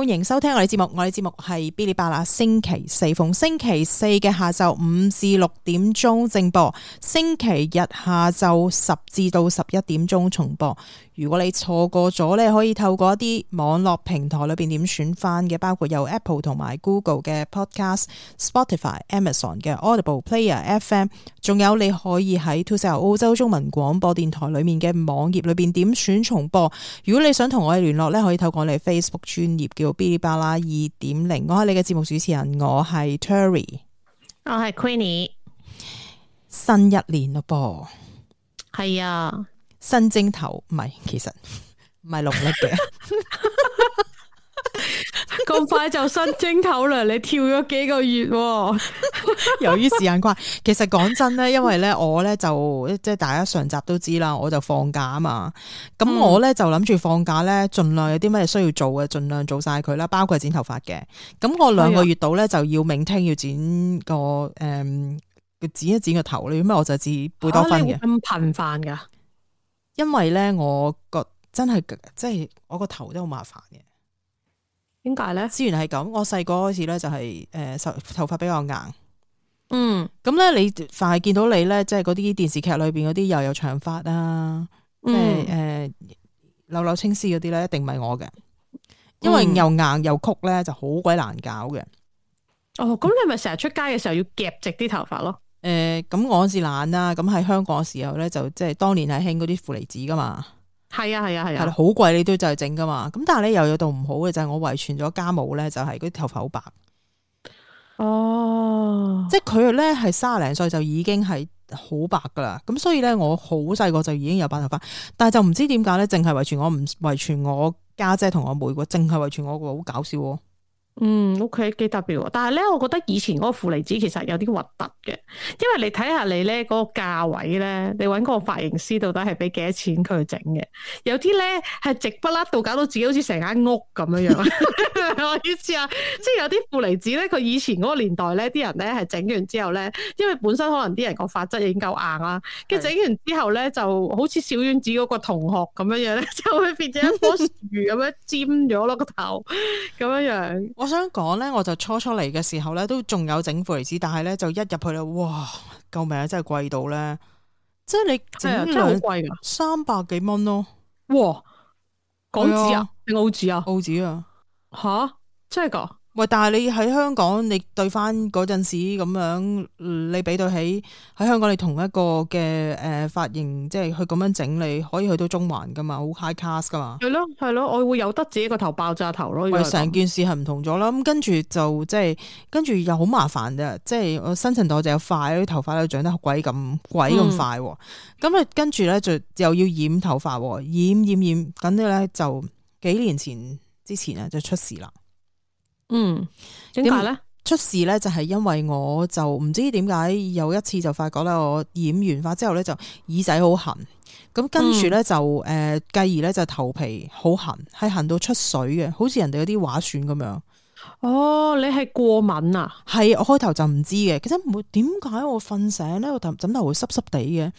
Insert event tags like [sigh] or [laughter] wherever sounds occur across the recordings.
歡迎收聽我哋節目，我哋節目係 Bilibala，星期四逢星期四嘅下晝五至六點鐘正播，星期日下晝十至到十一點鐘重播。如果你錯過咗咧，你可以透過一啲網絡平台裏邊點選翻嘅，包括有 Apple 同埋 Google 嘅 Podcast、Spotify、Amazon 嘅 Audible Player、FM，仲有你可以喺 Tosell 澳洲中文廣播電台裏面嘅網頁裏邊點選重播。如果你想同我哋聯絡咧，可以透過我哋 Facebook 專頁叫 Bilibala 二點零。我係你嘅節目主持人，我係 Terry，我係 Queenie。新一年咯噃，係啊！新正頭唔係，其實唔係農曆嘅，咁快就新正頭啦！你跳咗幾個月，哦？ [laughs] 由於時間關係其實講真咧，因為咧我咧就即係大家上集都知啦，我就放假啊嘛。咁我咧就諗住放假咧，盡、嗯、量有啲咩需要做嘅，盡量做晒佢啦。包括剪頭髮嘅，咁我兩個月度咧就要明聽要剪個誒、哎呀嗯，剪一剪個頭咧，咁啊我就剪貝多芬嘅咁頻繁噶。因為咧，我覺真係即係我個頭都好麻煩嘅。點解咧？資源係咁，我細個開始咧就係、是、誒、呃，頭髮比較硬。嗯。咁咧，你凡係見到你咧，即係嗰啲電視劇裏邊嗰啲又有長髮啊，即係誒柳柳青絲嗰啲咧，一定唔係我嘅。因為又硬又曲咧，就好鬼難搞嘅。嗯、哦，咁你咪成日出街嘅時候要夾直啲頭髮咯。誒，咁我係是懶、啊、啦，咁喺香港嘅時候咧，就即係當年係興嗰啲負離子噶嘛，係啊係啊係啊，係好貴你都就係整噶嘛，咁但係咧又有到唔好嘅就係我遺傳咗家母咧，就係嗰啲頭髮好白，哦，即係佢咧係卅零歲就已經係好白噶啦，咁所以咧我好細個就已經有白頭髮，但係就唔知點解咧，淨係遺傳我唔遺傳我家姐同我妹個，淨係遺傳我個，好搞笑。嗯，OK，幾特別喎。但係咧，我覺得以前嗰個負離子其實有啲核突嘅，因為你睇下你咧嗰個價位咧，你揾個髮型師到底係俾幾多錢佢整嘅？有啲咧係直不甩到搞到自己好似成間屋咁樣樣。我意思啊，即係有啲負離子咧，佢以前嗰個年代咧，啲人咧係整完之後咧，因為本身可能啲人個髮質已經夠硬啦，跟住整完之後咧就好似小丸子嗰個同學咁樣樣咧，就會變咗一棵樹咁樣尖咗落個頭咁樣 [laughs] 樣。我想講咧，我就初初嚟嘅時候咧，都仲有整副嚟子。但係咧就一入去咧，哇！救命啊，真係貴到咧！即係你整兩三百幾蚊咯，哇！港紙啊，呀澳紙啊，澳紙啊，吓？真係噶～喂，但係你喺香港，你對翻嗰陣時咁樣、嗯，你俾到起喺香港，你同一個嘅誒髮型，即係去咁樣整理，你可以去到中環噶嘛？好 high class 噶嘛？係咯，係咯，我會有得自己個頭爆炸頭咯。喂，成件事係唔同咗啦。咁跟住就即係跟住又好麻煩啫。即係我新陳代謝又快，啲頭髮又長得鬼咁鬼咁快。咁啊、嗯，跟住咧就又要染頭髮，染染染，咁咧就幾年前之前咧就出事啦。嗯，點解咧？出事咧就係因為我就唔知點解有一次就發覺咧，我染完髮之後咧就耳仔好痕，咁、嗯、跟住咧就誒繼、呃、而咧就頭皮好痕，係痕到出水嘅，好似人哋嗰啲畫癬咁樣。哦，你係過敏啊？係，我開頭就唔知嘅，其實冇點解我瞓醒咧，我頭枕頭會濕濕哋嘅。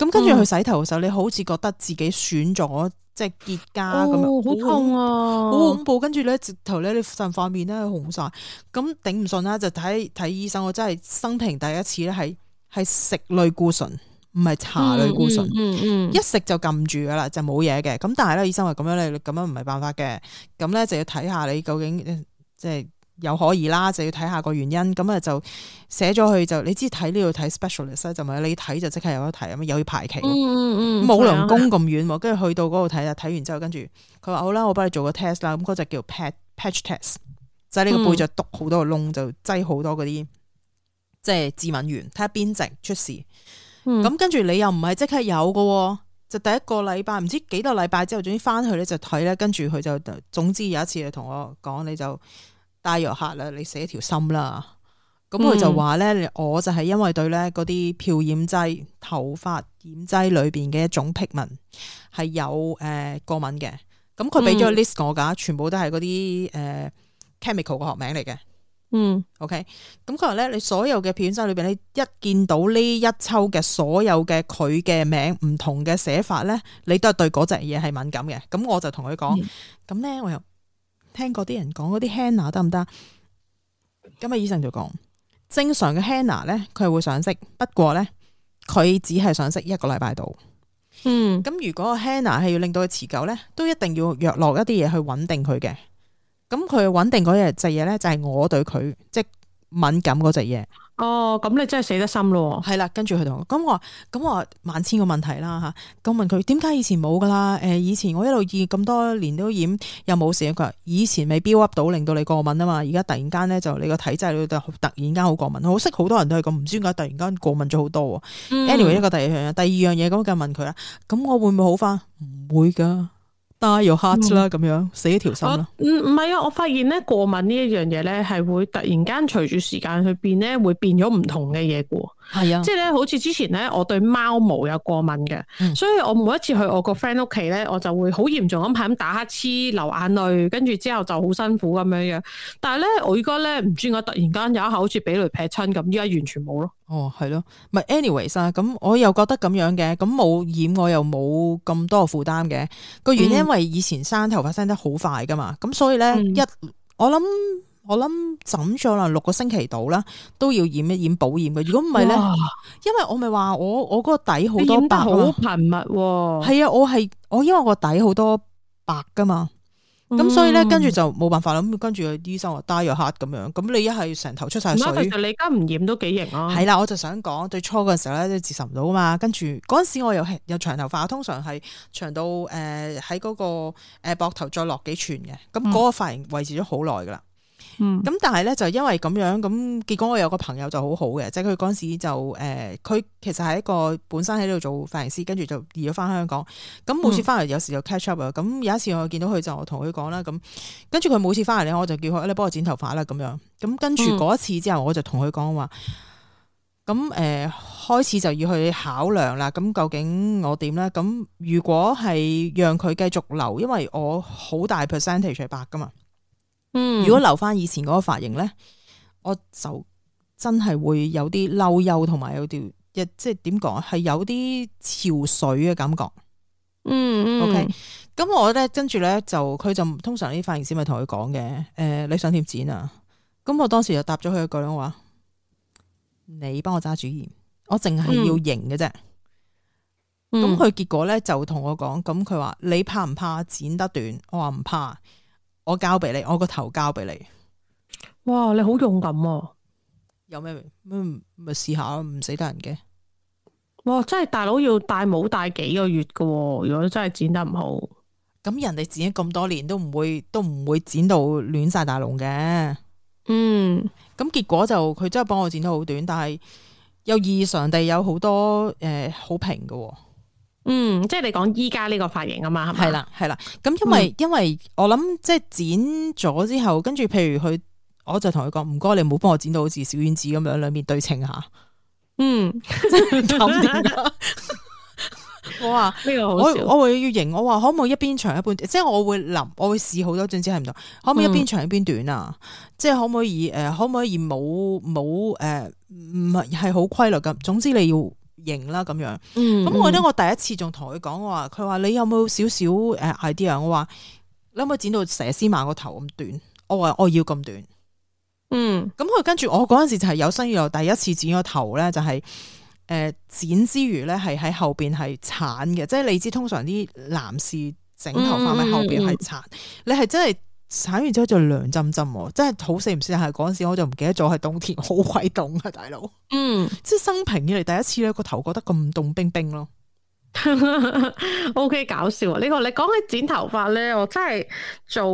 咁跟住去洗頭嘅時候，嗯、你好似覺得自己損咗，即、就、係、是、結痂咁、哦、樣，好痛啊，好恐怖。跟住咧，直頭咧，你成塊面咧紅晒，咁頂唔順啦，就睇睇醫生。我真係生平第一次咧，係係食類固醇，唔係查類固醇。嗯嗯，嗯嗯嗯一食就撳住噶啦，就冇嘢嘅。咁但係咧，醫生話咁樣你咁樣唔係辦法嘅。咁咧就要睇下你究竟即係。有可疑啦，就要睇下個原因，咁啊就寫咗去就你知睇呢度睇 specialist 就咪你睇就即刻有得睇啊嘛，又要排期，冇良、嗯嗯、工咁遠，跟住去到嗰度睇啦，睇完之後跟住佢話好啦，我幫你做個 test 啦，咁嗰就叫 patch test、嗯、就喺呢個背脊篤好多個窿就擠好多嗰啲即係致敏原，睇下邊隻出事。咁、嗯、跟住你又唔係即刻有嘅，就第一個禮拜唔知幾多禮拜之後，總之翻去咧就睇咧，跟住佢就總之有一次就同我講你就。帶藥客啦，你寫條心啦。咁佢就話咧，嗯、我就係因為對咧嗰啲漂染劑、頭髮染劑裏邊嘅一種 pigment 係有誒、呃、過敏嘅。咁佢俾咗個 list 我噶，嗯、全部都係嗰啲誒 chemical 個學名嚟嘅。嗯，OK。咁佢話咧，你所有嘅漂染劑裏邊，你一見到呢一抽嘅所有嘅佢嘅名唔同嘅寫法咧，你都係對嗰隻嘢係敏感嘅。咁我就同佢講，咁咧、嗯、我又。聽過啲人講嗰啲 henna 得唔得？咁啊，醫生就講，正常嘅 henna 咧，佢會上色，不過咧，佢只係上色一個禮拜度。嗯，咁如果個 henna 係要令到佢持久咧，都一定要藥落一啲嘢去穩定佢嘅。咁佢穩定嗰隻嘢咧，就係我對佢即敏感嗰隻嘢。哦，咁你真係死得心咯，係啦，跟住佢同我，咁我咁我，我萬千個問題啦吓，咁問佢點解以前冇噶啦？誒，以前我一路染咁多年都染又冇事，佢話以前未 build up 到令到你過敏啊嘛，而家突然間咧就你個體質咧就突然間好過敏，我識好多人都係咁唔知解突然間過敏咗好多。嗯、anyway 一個第二樣第二樣嘢咁，我問佢啦，咁我會唔會好翻？唔會噶。Die your heart 啦、mm，咁、hmm. 樣死咗條心啦。唔唔係啊，我發現咧過敏呢一樣嘢咧，係會突然間隨住時間去變咧，會變咗唔同嘅嘢喎。係啊，即係咧，好似之前咧，我對貓毛有過敏嘅，嗯、所以我每一次去我個 friend 屋企咧，我就會好嚴重咁，係咁打乞嗤、流眼淚，跟住之後就好辛苦咁樣樣。但係咧，我而家咧唔知我突然間有一下好似俾雷劈親咁，依家完全冇咯。哦，係咯，咪 anyways 啦，咁我又覺得咁樣嘅，咁冇染我又冇咁多負擔嘅。個原因因為以前生頭髮生得好快噶嘛，咁、嗯、所以咧、嗯、一我諗。我諗枕咗啦，六個星期度啦，都要染一染保染嘅。如果唔係咧，哇因為我咪話我我個底好多白好、啊、頻密喎、啊。係啊，我係我因為個底好多白噶嘛，咁、嗯、所以咧，跟住就冇辦法啦。咁跟住醫生話戴咗黑咁樣，咁你一係成頭出晒水、嗯。其實你而家唔染都幾型啊。係啦、啊，我就想講最初嗰陣時候咧都自尋唔到啊嘛。跟住嗰陣時我又係有長頭髮，通常係長到誒喺嗰個誒膊頭再落幾寸嘅。咁、那、嗰個髮型維持咗好耐噶啦。嗯咁、嗯、但係咧就因為咁樣，咁結果我有個朋友就好好嘅，即係佢嗰時就誒，佢、呃、其實係一個本身喺度做髮型師，跟住就移咗翻香港，咁每次翻嚟有時就 catch up 啊，咁、嗯、有，有一次我見到佢就同佢講啦，咁跟住佢每次翻嚟我就叫佢你幫我剪頭髮啦咁樣，咁跟住嗰一次之後我就同佢講話，咁、嗯、誒、嗯、開始就要去考量啦，咁究竟我點咧？咁如果係讓佢繼續留，因為我好大 percentage 係白噶嘛。嗯，如果留翻以前嗰個髮型咧，嗯、我就真係會有啲嬲憂，同埋有啲，亦即係點講啊，係有啲潮水嘅感覺。嗯 o k 咁我咧跟住咧就佢就通常呢啲髮型師咪同佢講嘅，誒、呃、你想點剪啊？咁我當時就答咗佢一句話幫我話你幫我揸主意，我淨係要型嘅啫。咁佢、嗯、結果咧就同我講，咁佢話你怕唔怕剪得短？我話唔怕。我交俾你，我個頭交俾你。哇，你好勇敢、啊！有咩咪咪試下，唔死得人嘅。哇，真係大佬要戴帽戴幾個月噶、哦。如果真係剪得唔好，咁、嗯、人哋剪咗咁多年都唔會都唔會剪到亂晒大龍嘅。嗯，咁結果就佢真係幫我剪得好短，但係又異常地有好多誒好評噶。呃嗯，即係你講依家呢個髮型啊嘛，係嘛？係啦，係啦。咁因為因為我諗，即係剪咗之後，跟住譬如佢，我就同佢講，唔該，你唔好幫我剪到好似小丸子咁樣兩邊對稱下，嗯，咁 [laughs] [laughs] 我話說呢個好，我，我我會要型。我話可唔可以一邊長一邊，即、就、係、是、我會諗，我會試好多種，只係唔同。可唔可以一邊長一邊短啊？即係、嗯、可唔可以誒、呃？可唔可以冇冇誒？唔係係好規律咁。總之你要。型啦咁樣，咁我覺得我第一次仲同佢講我話，佢話你有冇少少誒 idea 啊？我話你可唔可以剪到佘詩曼個頭咁短？我話我要咁短。嗯，咁佢跟住我嗰陣時就係有生以來第一次剪個頭咧、就是，就係誒剪之餘咧係喺後邊係鏟嘅，即係、嗯、你知通常啲男士整頭髮喺後邊係鏟，嗯嗯、你係真係。剪完之後就涼浸浸，真係好死唔死係嗰陣時我，我就唔記得咗係冬天，好鬼凍啊！大佬，嗯，即係生平以嚟第一次咧，個頭覺得咁凍冰冰咯。 [laughs] o、okay, K，搞笑啊！呢、呢個你講起剪頭髮咧，我真係早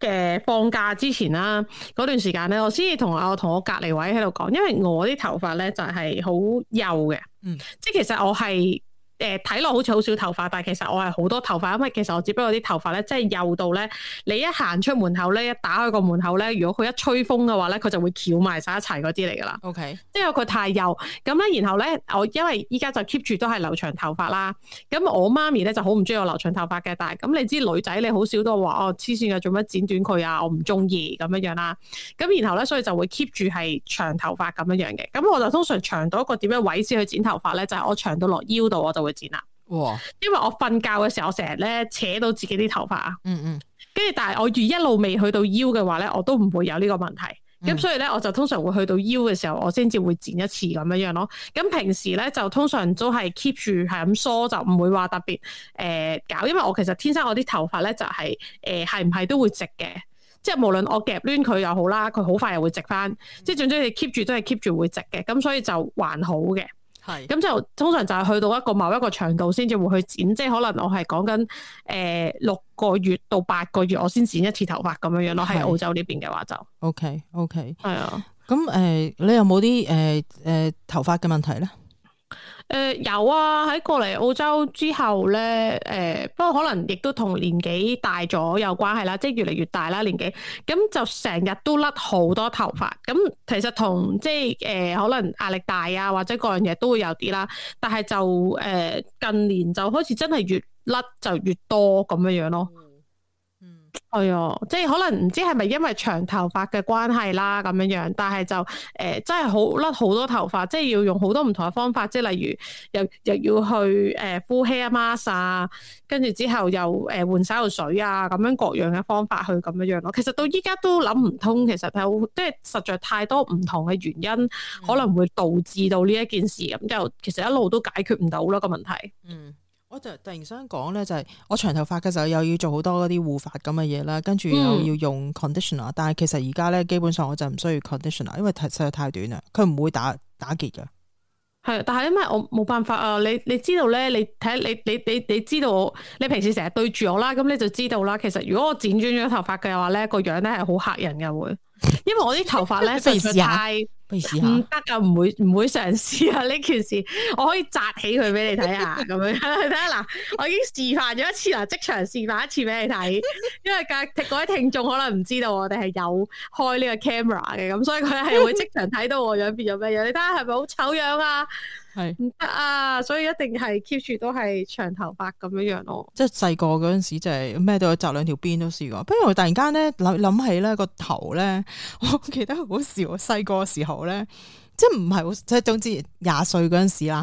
嘅放假之前啦，嗰段時間咧，我先至同我同我隔籬位喺度講，因為我啲頭髮咧就係好幼嘅，嗯，即係其實我係。誒，睇落好似好少頭髮，但係其實我係好多頭髮，因為其實我只不過啲頭髮咧真係幼到咧，你一行出門口咧，一打開個門口咧，如果佢一吹風嘅話咧，佢就會翹埋晒一齊嗰啲嚟㗎啦。OK，因為佢太幼。咁咧，然後咧，我因為依家就 keep 住都係留長頭髮啦。咁我媽咪咧就好唔中意我留長頭髮嘅，但係咁你知女仔你好少都話哦黐線嘅，做乜剪短佢啊？我唔中意咁樣樣啦。咁然後咧，所以就會 keep 住係長頭髮咁樣樣嘅。咁我就通常長到一個點樣位先去剪頭髮咧，就係、是、我長到落腰度我就會剪啦，因為我瞓覺嘅時候，我成日咧扯到自己啲頭髮啊、嗯，嗯嗯，跟住，但係我如一路未去到腰嘅話咧，我都唔會有呢個問題。咁、嗯、所以咧，我就通常會去到腰嘅時候，我先至會剪一次咁樣樣咯。咁平時咧就通常都係 keep 住係咁梳，就唔會話特別誒、呃、搞。因為我其實天生我啲頭髮咧就係誒係唔係都會直嘅，即係無論我夾攣佢又好啦，佢好快又會直翻。即係總之你 keep 住都係 keep 住會直嘅，咁所以就還好嘅。係，咁就通常就係去到一個某一個長度先至會去剪，即係可能我係講緊誒六個月到八個月我先剪一次頭髮咁樣樣咯。喺澳洲呢邊嘅話就，OK OK，係啊 Yeah。咁、呃、誒，你有冇啲誒誒頭髮嘅問題咧？誒、呃，有啊，喺過嚟澳洲之後咧，誒、呃，不過可能亦都同年紀大咗有關係啦，即係越嚟越大啦，年紀，咁就成日都甩好多頭髮，咁其實同即係誒、呃，可能壓力大啊，或者各樣嘢都會有啲啦，但係就誒、呃，近年就開始真係越甩就越多咁樣樣咯。係啊、哎，即係可能唔知係咪因為長頭髮嘅關係啦，咁樣樣，但係就誒、呃、真係好甩好多頭髮，即係要用好多唔同嘅方法，即係例如又又要去誒、呃、敷 hair mask 啊，跟住之後又誒換洗頭水啊，咁樣各樣嘅方法去咁樣樣咯。其實到依家都諗唔通，其實係即係實在太多唔同嘅原因，可能會導致到呢一件事咁，就其實一路都解決唔到咯個問題。嗯。我就突然想講咧，就係我長頭髮嘅時候又要做好多嗰啲護髮咁嘅嘢啦，跟住又要用 conditioner，、嗯、但係其實而家咧基本上我就唔需要 conditioner，因為太實在太短啦，佢唔會打打結嘅。係，但係因為我冇辦法啊，你你知道咧，你睇你你你你知道我，你平時成日對住我啦，咁你就知道啦。其實如果我剪轉咗頭髮嘅話咧，個樣咧係好嚇人嘅會。因為我啲頭髮咧實在太唔得啊，唔會唔會嘗試啊呢件事。我可以紮起佢俾你睇下，咁 [laughs] 樣啦，睇下，嗱，我已經示範咗一次啦，即場示範一次俾你睇，因為各位聽眾可能唔知道我哋係有開呢個 camera 嘅，咁所以佢係會即場睇到我樣變咗咩樣， [laughs] 你睇下係咪好醜樣啊？係唔得啊，所以一定係 keep 住都係長頭髮咁樣樣咯。即係細個嗰陣時，就係咩都有，紮兩條辮都試過。不如我突然間咧諗諗起咧個頭咧，我記得好笑。我細個時候咧，即係唔係好即係，總之廿歲嗰陣時啦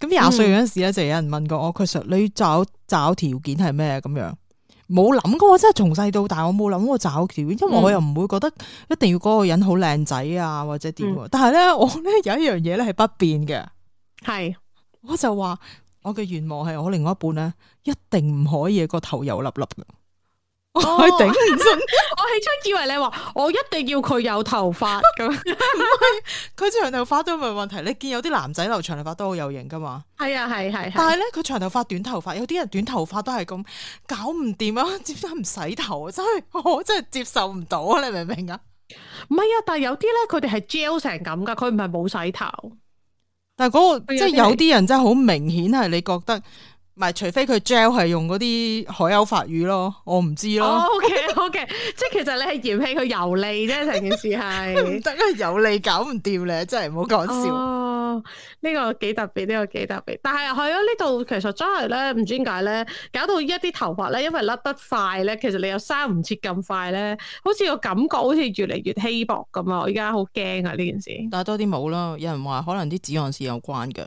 吓。咁廿歲嗰陣時咧，就有人問過我，其實、嗯、你找找條件係咩咁樣？冇諗過，我真係從細到大我冇諗過找條件，因為我又唔會覺得一定要嗰個人好靚仔啊，或者點。嗯、但係咧，我咧有一樣嘢咧係不變嘅。係，是我就話我嘅願望係我另外一半咧，一定唔可以個頭油粒粒嘅。我頂唔順， [laughs] [laughs] [laughs] 我起初以為你話我一定要佢有頭髮咁，佢 [laughs] [laughs] [laughs] 長頭髮都唔係問題。你見有啲男仔留長頭髮都好有型噶嘛？係啊，係係。但係咧，佢長頭髮、短頭髮，有啲人短頭髮都係咁搞唔掂啊！點解唔洗頭啊？真係我真係接受唔到啊！你明唔明啊？唔係啊，但係有啲咧，佢哋係 gel 成咁噶，佢唔係冇洗頭。但係、那、嗰個即係有啲人真係好明顯係你覺得。唔係，除非佢 gel 係用嗰啲海鷗髮乳咯，我唔知咯。O K O K，即係其實你係嫌棄佢油膩啫，成 [laughs] 件事係唔得啊！油膩搞唔掂咧，真係唔好講笑。哦，呢個幾特別，呢個幾特別。但係係咯，呢度其實真係咧，唔知點解咧，搞到一啲頭髮咧，因為甩得快咧，其實你又生唔切咁快咧，好似個感覺好似越嚟越稀薄咁啊！我而家好驚啊呢件事。但係多啲冇啦，有人話可能啲止汗腺有關嘅，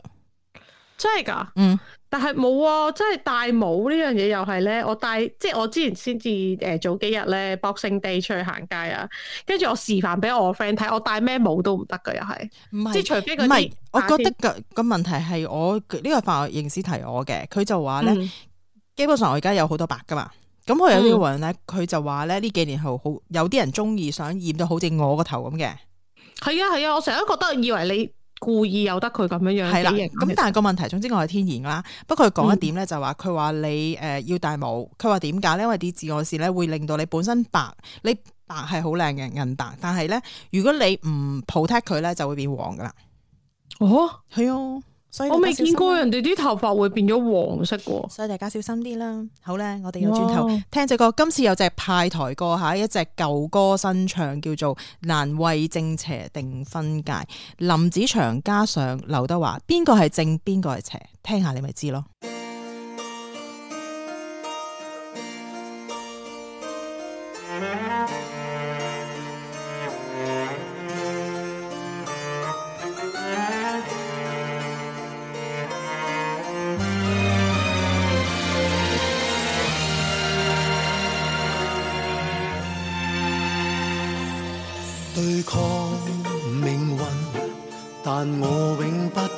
真係的噶，嗯。但係冇啊，真係戴帽呢樣嘢又係咧。我戴即係我之前先至誒早幾日咧博聖地出去行街啊，跟住我示範俾我 friend 睇，我戴咩帽都唔得噶。又係即係除非嗰啲，唔係我覺得個個問題係我呢、呢個化學認師提我嘅，佢就話咧、嗯、基本上我而家有好多白噶嘛，咁佢有啲話咧，佢就話咧呢幾年後好有啲人中意想染到好似我個頭咁嘅。係、嗯嗯、啊係啊，我成日都覺得以為你。故意有得佢咁樣樣，係啦。咁但係個問題，總之我係天然啦。不過講一點咧，就話佢話你誒要戴帽。佢話點解咧？因為啲紫外線咧會令到你本身白，你白係好靚嘅銀白。但係咧，如果你唔普 r t eprotect 佢咧，就會變黃噶啦。哦， [noise] 係啊。 [noise] [noise] [noise] [noise] [noise] 所以啊、我未見過人哋啲頭髮會變咗黃色嘅，所以大家小心啲啦。好咧，我哋要轉頭哇聽隻歌，今次有隻派台歌吓，一隻舊歌新唱，叫做《難為正邪定分界》，林子祥加上劉德華，邊個係正，邊個係邪，聽下你咪知咯。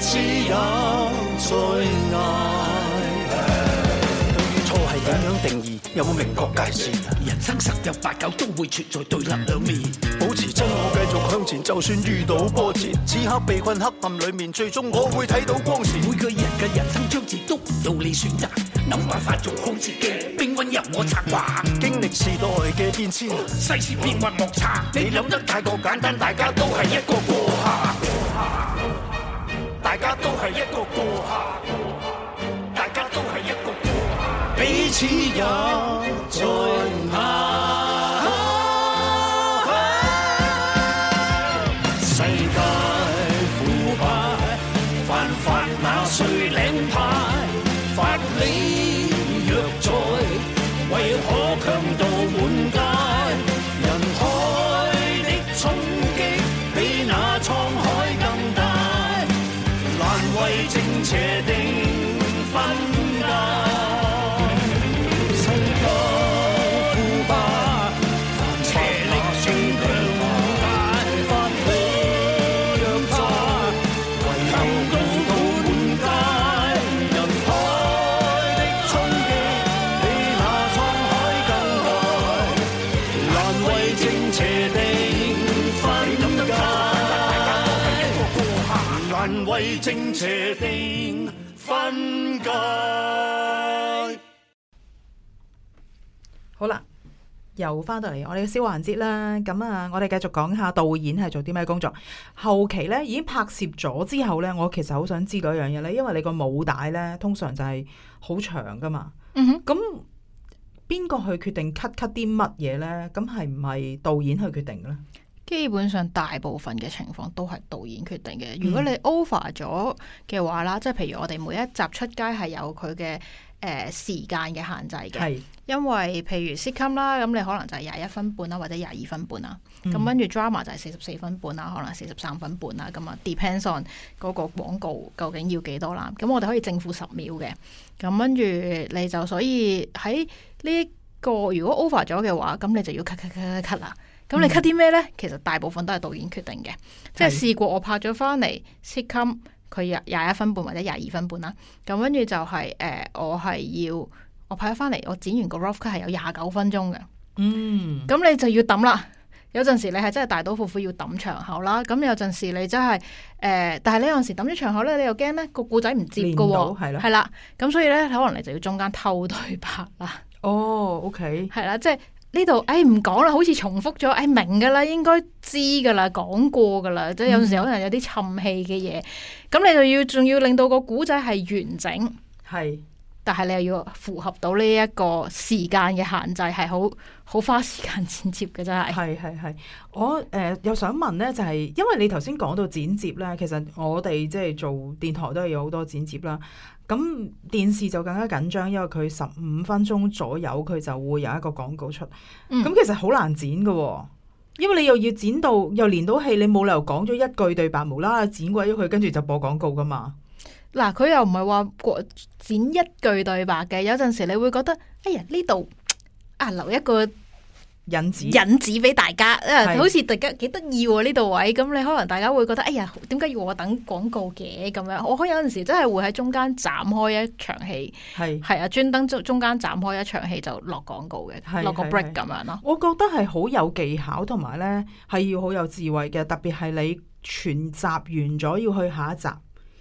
只有最愛。對於錯係點樣定義，有冇明確界線？人生十有八九都會存在對立兩面、嗯。保持真我，繼續向前，就算遇到波折。此刻被困黑暗裡面，最終我會睇到光線、啊。每個人嘅人生章節都唔由你選擇，諗辦法做好自己。冰棍入我策劃、啊嗯，經歷時代嘅變遷，世事變幻莫測。你諗得太過簡單，大家都係一個過客。歌 大家都係一個過客，大家都係一個過客，彼此也在那。邪定分界，難為正邪定分界。好啦，又翻到嚟我哋嘅小環節啦。咁啊，我哋繼續講下導演係做啲咩工作。後期咧，已經拍攝咗之後咧，我其實好想知道一樣嘢咧，因為你個武帶咧通常就係好長噶嘛。嗯哼，咁。邊個去決定 cut cut 啲乜嘢呢？咁係唔係導演去決定嘅咧？基本上大部分嘅情況都係導演決定嘅。嗯、如果你 over 咗嘅話啦，即係譬如我哋每一集出街係有佢嘅誒時間嘅限制嘅，是因為譬如 sitcom 啦，咁你可能就係廿一分半啦，或者廿二分半啦。咁跟住、嗯、drama 就係四十四分半啦，可能四十三分半啦，咁啊 depends on 嗰個廣告究竟要幾多啦。咁我哋可以正負十秒嘅。咁跟住你就所以喺呢個如果 over 咗嘅話，咁你就要 cut cut cut cut 啦。咁你 cut 啲咩咧？嗯、其實大部分都係導演決定嘅。是即係試過我拍咗翻嚟 sitcom，佢廿廿一分半或者廿二分半啦。咁跟住就係、是、誒、呃，我係要我拍咗翻嚟，我剪完個 rough cut 係有廿九分鐘嘅。嗯，咁你就要抌啦。有陣時你係真係大刀闊斧要抌場口啦，咁有陣時你真係誒、呃，但係呢陣時抌咗場口咧，你又驚咧，個古仔唔接噶，係啦，咁所以咧可能你就要中間偷對白啦。哦，OK，係啦，即係呢度誒唔講啦，好似重複咗，誒、哎、明噶啦，應該知噶啦，講過噶啦，即係有陣時可能有啲沉氣嘅嘢，咁、嗯、你就要仲要令到個古仔係完整，係。但係你又要符合到呢一個時間嘅限制，係好好花時間剪接嘅真係。係係係，我誒、呃、又想問咧，就係、是、因為你頭先講到剪接咧，其實我哋即係做電台都係有好多剪接啦。咁電視就更加緊張，因為佢十五分鐘左右佢就會有一個廣告出。咁、嗯、其實好難剪噶，因為你又要剪到又連到戲，你冇理由講咗一句對白冇啦，無緣無緣無緣剪鬼咗佢，跟住就播廣告噶嘛。嗱，佢又唔係話過剪一句對白嘅，有陣時你會覺得，哎呀呢度啊，留一個引子引子俾大家。子啊、好似大家幾得意呢度位，咁你可能大家會覺得，哎呀點解要我等廣告嘅咁樣？我有陣時真係會喺中間斬開一場戲，係係是啊，專登中中間斬開一場戲就落廣告嘅。是落個 break 咁樣咯。我覺得係好有技巧，同埋呢係要好有智慧嘅，特別係你全集完咗要去下一集。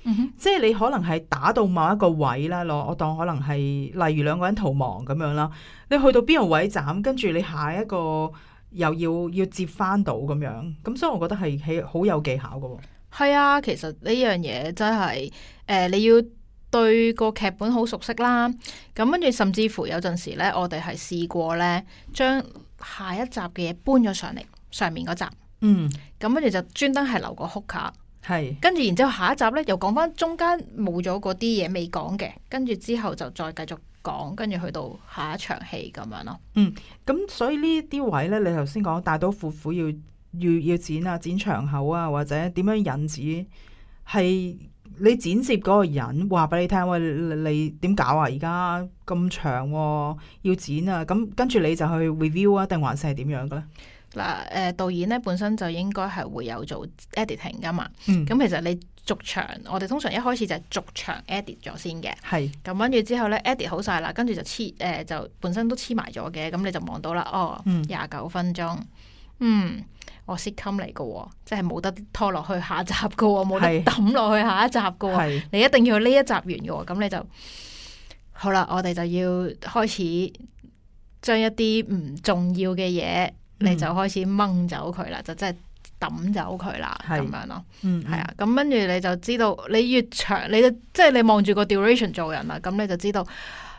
嗯、即係你可能係打到某一個位啦，我我當可能係例如兩個人逃亡咁樣啦，你去到邊個位斬，跟住你下一個又要要接翻到咁樣，咁所以我覺得係係好有技巧噶。係啊，其實呢樣嘢真係，誒、呃、你要對個劇本好熟悉啦。咁跟住甚至乎有陣時咧，我哋係試過咧，將下一集嘅嘢搬咗上嚟上面嗰集。嗯，咁跟住就專登係留個 hook 卡。係，是跟住然之後下一集咧又講翻中間冇咗嗰啲嘢未講嘅，跟住之後就再繼續講，跟住去到下一場戲咁樣咯。嗯，咁所以呢啲位咧，你頭先講大刀闊斧要要，要剪啊，剪長口啊，或者點樣引子，係你剪接嗰個人話俾你聽，喂，你點搞啊？而家咁長、哦、要剪啊，咁跟住你就去 review 啊，定還是係點樣嘅咧？嗱，誒、呃，導演咧本身就應該係會有做 editing 噶嘛，咁、嗯、其實你逐場，我哋通常一開始就係逐場 edit 咗先嘅，係是，咁跟住之後咧 edit 好晒啦，跟住就黐，誒、呃，就本身都黐埋咗嘅，咁你就望到啦，哦，廿九、嗯、分鐘，嗯，我 sitcom 嚟嘅，即係冇得拖落去下集嘅，冇得抌落去下一集嘅、哦，是你一定要呢一集完嘅、哦，咁你就好啦，我哋就要開始將一啲唔重要嘅嘢。你就開始掹走佢啦，就真係抌走佢啦，咁樣咯。嗯，係啊。咁跟住你就知道，你越長，你就即係你望住個 duration 做人啦。咁你就知道，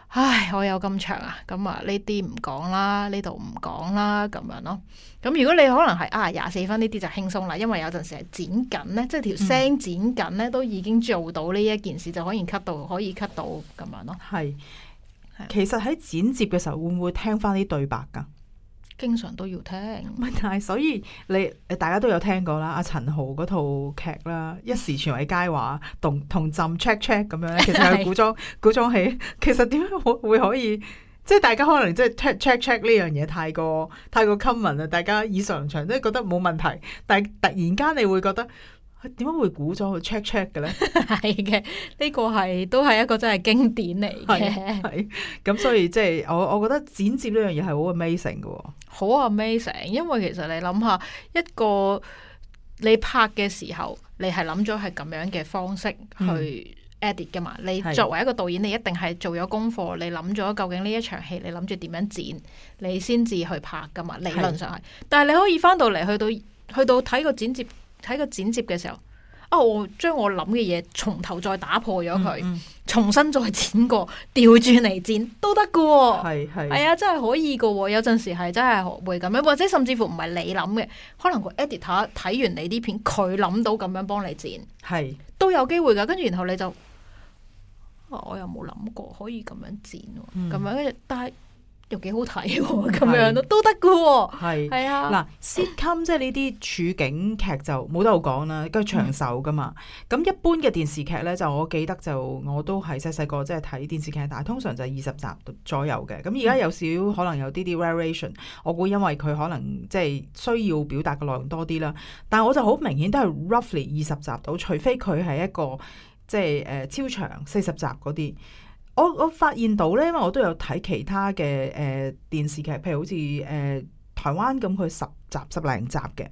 唉，我有咁長啊。咁啊，呢啲唔講啦，呢度唔講啦，咁樣咯。咁如果你可能係啊廿四分呢啲就輕鬆啦，因為有陣時係剪緊咧，即係條聲剪緊咧都已經做到呢一件事，就可以 cut 到可以 cut 到咁樣咯。係，其實喺剪接嘅時候會唔會聽翻啲對白㗎？經常都要聽，唔係，但係所以你誒大家都有聽過啦，阿陳豪嗰套劇啦，嗯、一時傳為佳話，同同朕 check check 咁樣，其實係古裝 [laughs] 古裝戲，其實點解會會可以，即係大家可能即係 check check check 呢樣嘢，太過太過 common 啦，大家耳熟能詳，都係覺得冇問題，但係突然間你會覺得。佢點解會估咗 check check 嘅咧？係嘅， [laughs] 呢、這個係都係一個真係經典嚟嘅。 [laughs] 係咁，所以即係我我覺得剪接呢樣嘢係好 amazing 嘅。好 amazing，因為其實你諗下一個你拍嘅時候，你係諗咗係咁樣嘅方式去 edit 噶嘛？嗯、你作為一個導演，的你一定係做咗功課，你諗咗究竟呢一場戲，你諗住點樣剪，你先至去拍噶嘛？理論上係，的但係你可以翻到嚟去到去到睇個剪接。睇個剪接嘅時候，啊、哦！我將我諗嘅嘢從頭再打破咗佢，嗯嗯、重新再剪過，調轉嚟剪都得噶、哦。係係啊，真係可以噶、哦。有陣時係真係會咁樣，或者甚至乎唔係你諗嘅，可能個 editor 睇完你啲片，佢諗到咁樣幫你剪，係是都有機會噶。跟住然後你就、哦、我又冇諗過可以咁樣剪，咁樣跟住，嗯、但係。又幾好睇喎，咁樣是都得嘅喎，係是啊，嗱喇，sitcom 即係呢啲處境劇就冇得好講啦，梗係長壽嘅嘛。咁、嗯、一般嘅電視劇咧，就我記得就我都係細細個即係睇電視劇，但係通常就係二十集左右嘅。咁而家有少可能有啲啲 variation，我估因為佢可能即係需要表達嘅內容多啲啦。但我就好明顯都係 roughly 二十集到，除非佢係一個即係誒超長四十集嗰啲。我我發現到咧，因為我都有睇其他嘅誒、呃、電視劇，譬如好似誒、呃、台灣咁，佢十集十零集嘅，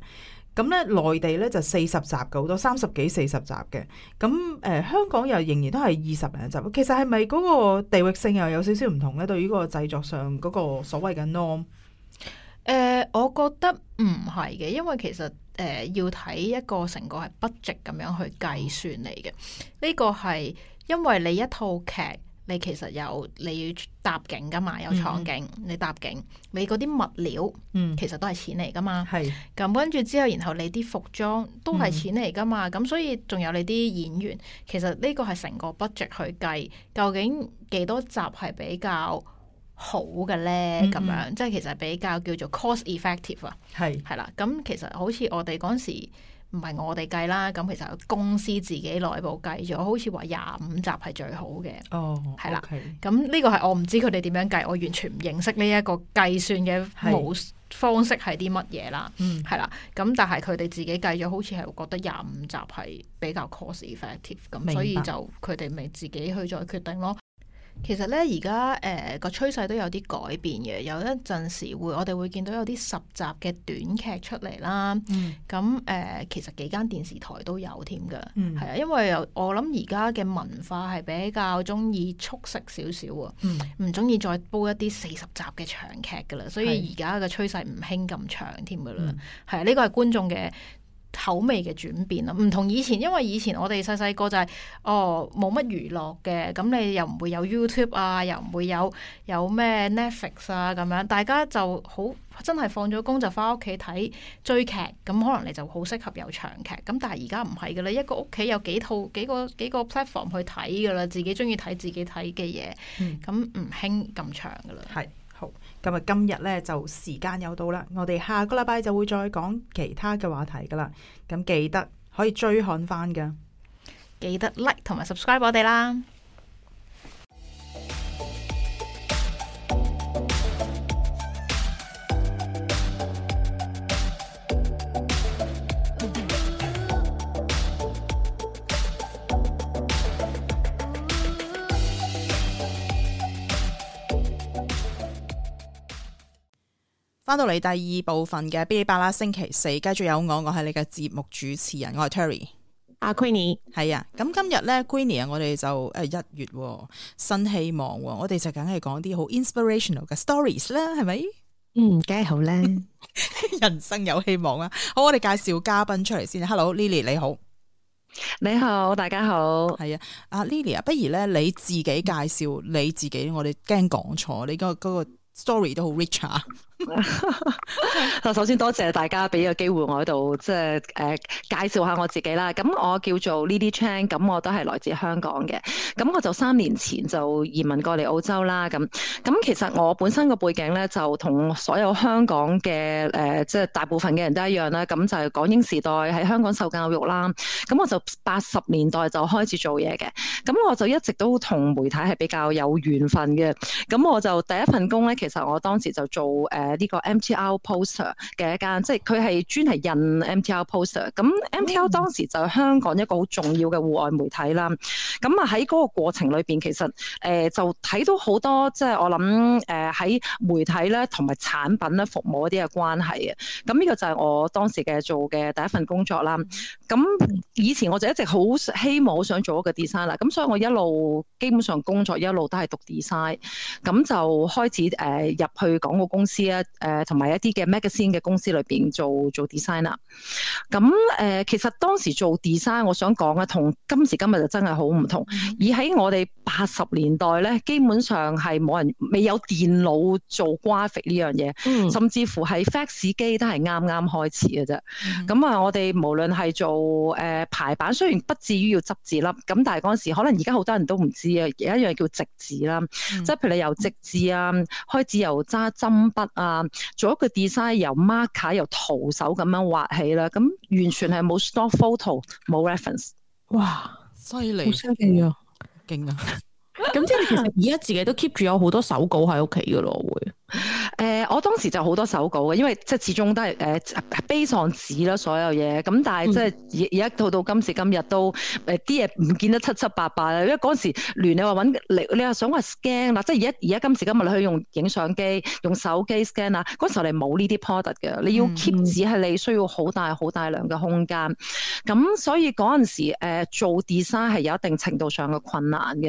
咁、嗯、咧內地咧就四十集嘅好多，三十幾四十集嘅，咁、嗯、誒、呃、香港又仍然都係二十零集。其實係咪嗰個地域性又有少少唔同咧？對於嗰個製作上嗰個所謂嘅 norm？誒、呃，我覺得唔係嘅，因為其實誒、呃、要睇一個成個係 budget 咁樣去計算嚟嘅。呢、這個係因為你一套劇。你其實有你要搭景噶嘛，有廠景、嗯，你搭景，你嗰啲物料，其實都係錢嚟噶嘛，係、嗯。咁跟住之後，然後你啲服裝都係錢嚟噶嘛，咁、嗯、所以仲有你啲演員，其實呢個係成個 budget 去計究竟幾多集係比較好嘅咧，咁、嗯、樣、嗯、即係其實比較叫做 cost effective 啊、嗯，係係是啦。咁其實好似我哋嗰陣時。唔係我哋計啦，咁其實公司自己內部計咗，好似話廿五集係最好嘅。哦，係啦。咁呢個係我唔知佢哋點樣計，我完全唔認識呢一個計算嘅模是方式係啲乜嘢啦。嗯，係啦。咁但係佢哋自己計咗，好似係覺得廿五集係比較 cost effective 咁，所以就佢哋咪自己去再決定咯。其實咧，而家誒個趨勢都有啲改變嘅，有一陣時會我哋會見到有啲十集嘅短劇出嚟啦。咁誒、嗯呃、其實幾間電視台都有添噶。嗯，係啊，因為我諗而家嘅文化係比較中意速食少少啊。唔中意再煲一啲四十集嘅長劇噶啦，所以而家嘅趨勢唔興咁長添噶啦。係、嗯、啊，呢個係觀眾嘅口味嘅轉變啦，唔同以前，因為以前我哋細細個就係、是、哦冇乜娛樂嘅，咁你又唔會有 YouTube 啊，又唔會有有咩 Netflix 啊咁樣，大家就好真係放咗工就返屋企睇追劇，咁可能你就好適合有長劇，咁但係而家唔係噶啦，一個屋企有幾套幾個幾個 platform 去睇噶啦，自己中意睇自己睇嘅嘢，咁唔興咁長噶啦，係。咁啊，今日咧就時間有到啦，我哋下個禮拜就會再講其他嘅話題噶啦。咁記得可以追看返噶，記得 like 同埋 subscribe 我哋啦。翻到嚟第二部分嘅《嗶哩吧啦》，星期四繼續有我，我係你嘅節目主持人，我係 Terry。阿 Queenie 係啊，咁今日咧，Queenie 啊，Queenie，我哋就誒一、呃、月、喎、新希望、喎，我哋就梗係講啲好 inspirational 嘅 stories 啦，係咪？嗯，梗係好啦， [laughs] 人生有希望啊。好，我哋介紹嘉賓出嚟先。Hello，Lily 你好，你好，大家好係啊。阿 Lily 啊，Lily，不如咧你自己介紹、嗯、你自己，我哋驚講錯。你、嗰個嗰、嗰個 story 都好 rich 啊。 [laughs] 首先多謝，謝大家俾個機會我喺度，即係誒介紹下我自己啦。咁我叫做 Lily Chan，咁我都係來自香港嘅。咁我就三年前就移民過嚟澳洲啦。咁咁其實我本身個背景咧，就同所有香港嘅誒，即、呃、係、就是、大部分嘅人都一樣啦。咁就港英時代喺香港受教育啦。咁我就八十年代就開始做嘢嘅。咁我就一直都同媒體係比較有緣分嘅。咁我就第一份工咧，其實我當時就做誒。呃呢個 MTR poster 嘅一間，即係佢係專係印 MTR poster。咁 MTR 當時就香港一個好重要嘅戶外媒體啦。咁啊喺個過程裏邊，其實誒、呃、就睇到好多，即係我諗誒喺媒體咧同埋產品咧服務嗰啲嘅關係啊。咁呢個就係我當時嘅做嘅第一份工作啦。咁以前我就一直好希望好想做一個 design 啦。咁所以我一路基本上工作一路都係讀 design。咁就開始誒入、呃、去廣告公司啊。誒同埋一啲嘅 magazine 嘅公司裏邊做做 design 啦，咁誒、呃、其實當時做 design，我想講嘅同今時今日就真係好唔同。嗯、而喺我哋八十年代咧，基本上係冇人未有電腦做 graphic 呢樣嘢，嗯、甚至乎係 fax 機都係啱啱開始嘅啫。咁啊、嗯，我哋無論係做誒、呃、排版，雖然不至於要執字粒，咁但係嗰陣時可能而家好多人都唔知啊，有一樣叫直字啦，嗯、即係譬如你由直字啊，開始由揸針筆啊。做一個 design 由 marker，由徒手咁樣畫起啦，咁完全係冇 stock photo，冇 reference。哇，犀利，好犀利啊，勁啊！咁即係其實而家自己都 keep 住有好多手稿喺屋企噶咯，會。誒、呃，我當時就好多手稿嘅，因為即係始終都係誒 based on 紙啦，所有嘢咁，但係即係而家到到今時今日都誒啲嘢唔見得七七八八啦，因為嗰陣時連，話搵你你話想話 scan 啦，即係而家而家今時今日你可以用影相機、用手機 scan 啦，嗰陣時候你冇呢啲 product 嘅，你要 keep 紙係你需要好大好大量嘅空間，咁、嗯、所以嗰陣時誒、呃、做 design 係有一定程度上嘅困難嘅，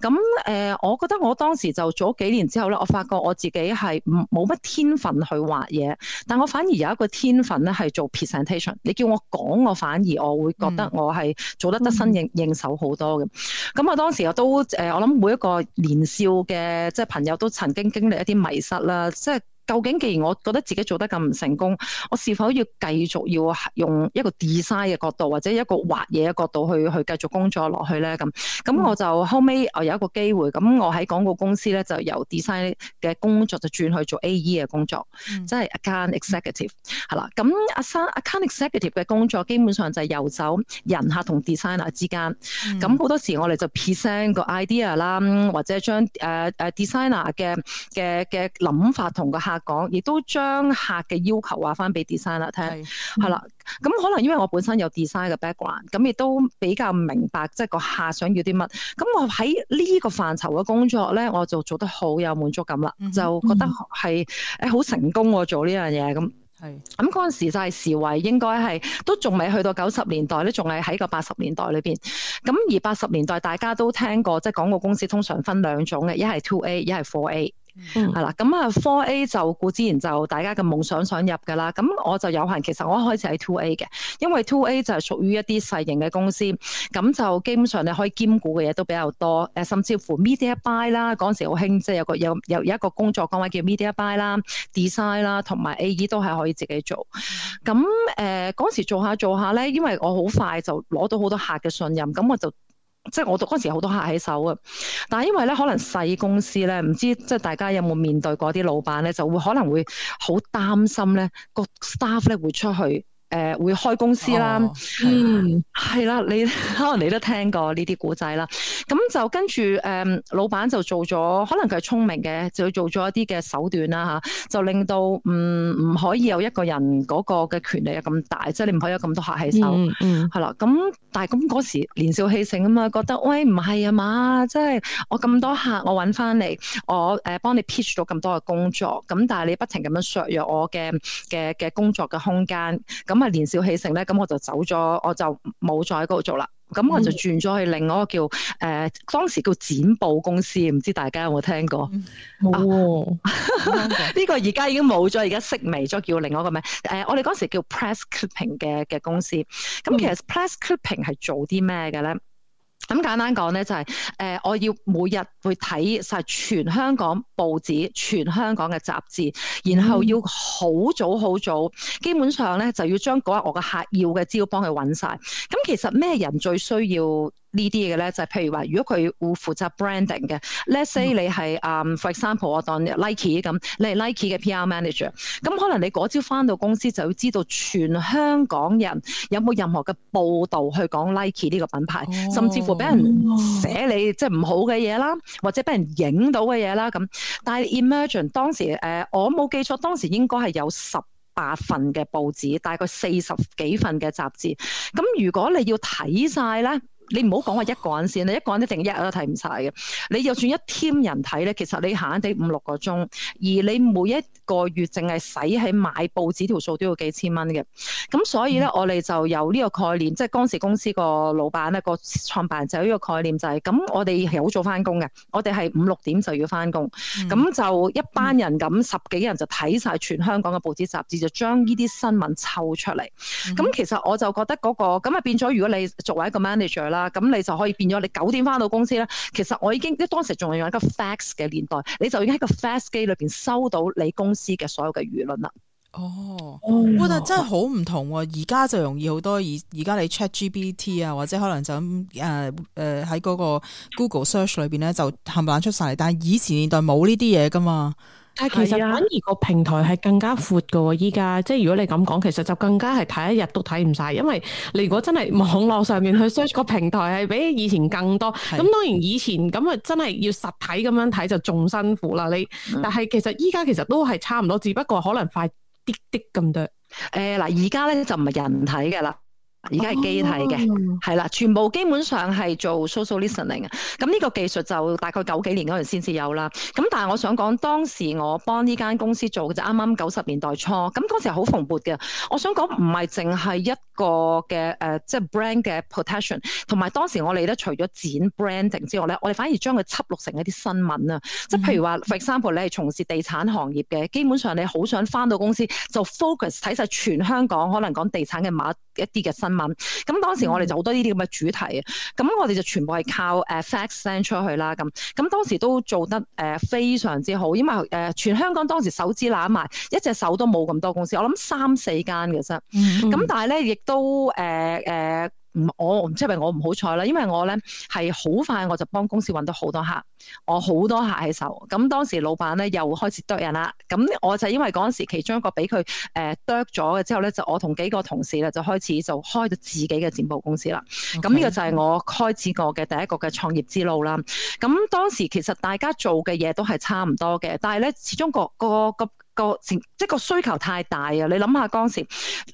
咁誒、嗯呃、我覺得我當時就做咗幾年之後咧，我發覺我自己。係冇乜天分去畫嘢，但我反而有一個天分咧，係做 presentation。你叫我講，我反而我會覺得我係做得得心應應手好多嘅。咁、嗯、我當時我都誒、呃，我諗每一個年少嘅即係朋友都曾經經歷一啲迷失啦，即係。究竟既然我覺得自己做得咁唔成功，我是否要繼續要用一個 design 嘅角度，或者一個畫嘢嘅角度去去繼續工作落去咧？咁咁我就後尾我有一個機會，咁我喺廣告公司咧就由 design 嘅工作就轉去做 AE 嘅工作，嗯、即係 account executive 係、嗯、啦。咁 account account executive 嘅工作基本上就係游走人客同 designer 之間，咁好多時我哋就 present 個 idea 啦，或者將誒誒 designer 嘅嘅嘅諗法同個客講，亦都將客嘅要求話翻俾 designer 聽，係、嗯、啦。咁可能因為我本身有 design 嘅 background，咁亦都比較明白即係個客想要啲乜。咁我喺呢個範疇嘅工作咧，我就做得好有滿足感啦，嗯、哼就覺得係誒好成功喎、啊、做呢樣嘢咁。係。咁嗰陣時就係時維應該係都仲未去到九十年代咧，仲係喺個八十年代裏邊。咁而八十年代大家都聽過，即係廣告公司通常分兩種嘅，一係 two A，一係 four A。係啦，咁啊 Four A 就固之然就大家嘅夢想想入噶啦，咁我就有幸，其實我一開始喺 Two A 嘅，因為 Two A 就係屬於一啲細型嘅公司，咁就基本上你可以兼顧嘅嘢都比較多，誒甚至乎 media buy 啦，嗰陣時好興，即係有個有有有一個工作崗位叫 media buy 啦，design 啦，同埋 AE 都係可以自己做，咁誒嗰陣時做下做下咧，因為我好快就攞到好多客嘅信任，咁我就。即係我讀陣時好多客喺手啊，但係因為咧可能細公司咧，唔知即係大家有冇面對過啲老闆咧，就會可能會好擔心咧個 staff 咧會出去。誒、呃，會開公司啦，哦、嗯，係啦，你可能你都聽過呢啲古仔啦，咁就跟住誒、嗯，老闆就做咗，可能佢係聰明嘅，就做咗一啲嘅手段啦吓、啊，就令到唔唔、嗯、可以有一個人嗰個嘅權力啊咁大，即係你唔可以有咁多客喺手。係、嗯嗯、啦，咁但係咁嗰時年少氣盛啊嘛，覺得喂唔係啊嘛，即係我咁多客我，我揾翻嚟，我誒幫你 pitch 到咁多嘅工作，咁但係你不停咁樣削弱我嘅嘅嘅工作嘅空間，咁。咁啊年少氣盛咧，咁我就走咗，我就冇再喺嗰度做啦。咁我就轉咗去另外一個叫誒、呃，當時叫剪報公司，唔知大家有冇聽過？冇呢個而家已經冇咗，而家息微咗，叫另外一個名誒、呃，我哋嗰時叫 Press Clipping 嘅嘅公司。咁其實 Press Clipping 係做啲咩嘅咧？嗯咁簡單講咧，就係、是、誒、呃，我要每日會睇曬全香港報紙、全香港嘅雜誌，然後要好早好早，基本上咧就要將嗰日我嘅客要嘅資料幫佢揾晒。咁其實咩人最需要？嗯呢啲嘢嘅咧，就係、是、譬如話，如果佢會負責 branding 嘅、嗯，let's say 你係誒、um，for example 我當 Nike 咁，你係 Nike 嘅 PR manager，咁可能你嗰朝返到公司就要知道全香港人有冇任何嘅報道去講 Nike 呢個品牌，哦、甚至乎俾人寫你即係唔好嘅嘢啦，或者俾人影到嘅嘢啦咁。但係 imagine 當時誒、呃，我冇記錯，當時應該係有十八份嘅報紙，大概四十幾份嘅雜誌。咁如果你要睇晒咧。你唔好講話一個人先，你一個人一定一日都睇唔晒嘅。你就算一添人睇咧，其實你閒閒地五六個鐘，而你每一個月淨係使喺買報紙條數都要幾千蚊嘅。咁所以咧，我哋就有呢個概念，即係、嗯、當時公司個老闆咧，個創辦人就有呢個概念就係、是，咁我哋係好早翻工嘅，我哋係五六點就要翻工，咁、嗯、就一班人咁十幾人就睇晒全香港嘅報紙雜誌，就將呢啲新聞抽出嚟。咁、嗯、其實我就覺得嗰、那個咁啊變咗，如果你作為一個 manager 啦。啊！咁你就可以變咗，你九點翻到公司啦。其實我已經即當時仲係用一個 fax 嘅年代，你就已經喺個 fax 機裏邊收到你公司嘅所有嘅輿論啦。哦，我覺得、嗯、真係好唔同喎、啊，而家就容易好多。而而家你 check G B T 啊，或者可能就咁誒喺嗰個 Google Search 裏邊咧，就冚唪唥出晒嚟。但係以前年代冇呢啲嘢噶嘛。但係其實反而個平台係更加闊嘅喎，依家即係如果你咁講，其實就更加係睇一日都睇唔晒，因為你如果真係網絡上面去 search 個平台係比以前更多，咁的當然以前咁啊真係要實體咁樣睇就仲辛苦啦。你但係其實依家其實都係差唔多，只不過可能快啲啲咁多。誒嗱、呃，而家咧就唔係人睇嘅啦。而家係機體嘅，係啦、哦，全部基本上係做 social listening 啊。咁呢個技術就大概九幾年嗰陣先至有啦。咁但係我想講，當時我幫呢間公司做嘅就啱啱九十年代初，咁嗰時好蓬勃嘅。我想講唔係淨係一。個嘅誒、呃，即係 brand 嘅 protection，同埋當時我哋咧除咗剪 branding 之外咧，我哋反而將佢輯錄成一啲新聞啊！嗯、即係譬如話，for example，你係從事地產行業嘅，基本上你好想返到公司就 focus 睇晒全香港可能講地產嘅某一啲嘅新聞。咁當時我哋就好多呢啲咁嘅主題，咁、嗯、我哋就全部係靠誒、uh, fax send 出去啦。咁咁當時都做得誒、uh, 非常之好，因為誒、uh, 全香港當時手指攬埋一隻手都冇咁多公司，我諗三四間嘅啫。咁但係咧亦～、嗯嗯嗯都誒誒、呃呃，我唔知係咪我唔好彩啦，因為我咧係好快我就幫公司揾到好多客，我好多客喺手。咁當時老闆咧又開始剁人啦，咁我就因為嗰陣時其中一個俾佢誒剁咗嘅之後咧，就我同幾個同事咧就開始就開咗自己嘅展報公司啦。咁呢 Okay. 個就係我開始過嘅第一個嘅創業之路啦。咁當時其實大家做嘅嘢都係差唔多嘅，但係咧始終個個個，個個個個即係個需求太大啊！你諗下當時，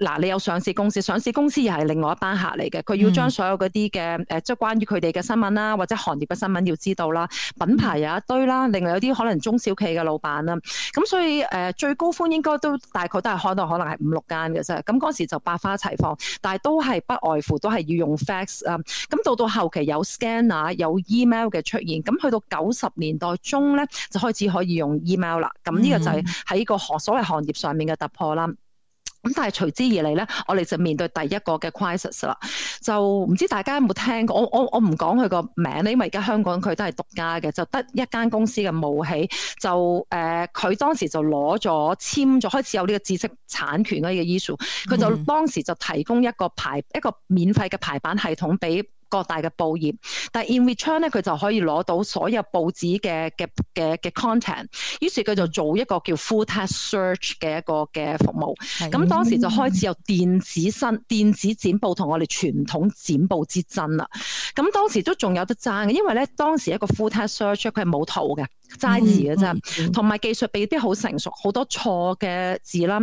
嗱你有上市公司，上市公司又係另外一班客嚟嘅，佢要將所有嗰啲嘅誒，即係、嗯呃就是、關於佢哋嘅新聞啦，或者行業嘅新聞要知道啦，品牌有一堆啦，另外有啲可能中小企嘅老闆啦，咁所以誒、呃、最高峰應該都大概都係開到可能係五六間嘅啫。咁嗰時就百花齊放，但係都係不外乎都係要用 fax 啊、呃。咁到到後期有 scan 啊，有 email 嘅出現，咁去到九十年代中咧就開始可以用 email 啦。咁呢個就係喺個所謂行業上面嘅突破啦，咁但係隨之而嚟，咧，我哋就面對第一個嘅 crisis 啦，就唔知大家有冇聽過？我我我唔講佢個名咧，因為而家香港佢都係獨家嘅，就得一間公司嘅冒起，就誒，佢、呃、當時就攞咗簽咗，開始有呢個知識產權呢個 issue，佢就當時就提供一個排一個免費嘅排版系統俾。各大嘅報業，但係 in return 咧，佢就可以攞到所有報紙嘅嘅嘅嘅 content。於是佢就做一個叫 full text search 嘅一個嘅服務。咁的當時就開始有電子新電子剪報同我哋傳統剪報之爭啦。咁當時都仲有得爭嘅，因為咧當時一個 full text search 佢係冇圖嘅，齋字嘅啫，同埋技術俾啲好成熟，好多錯嘅字啦。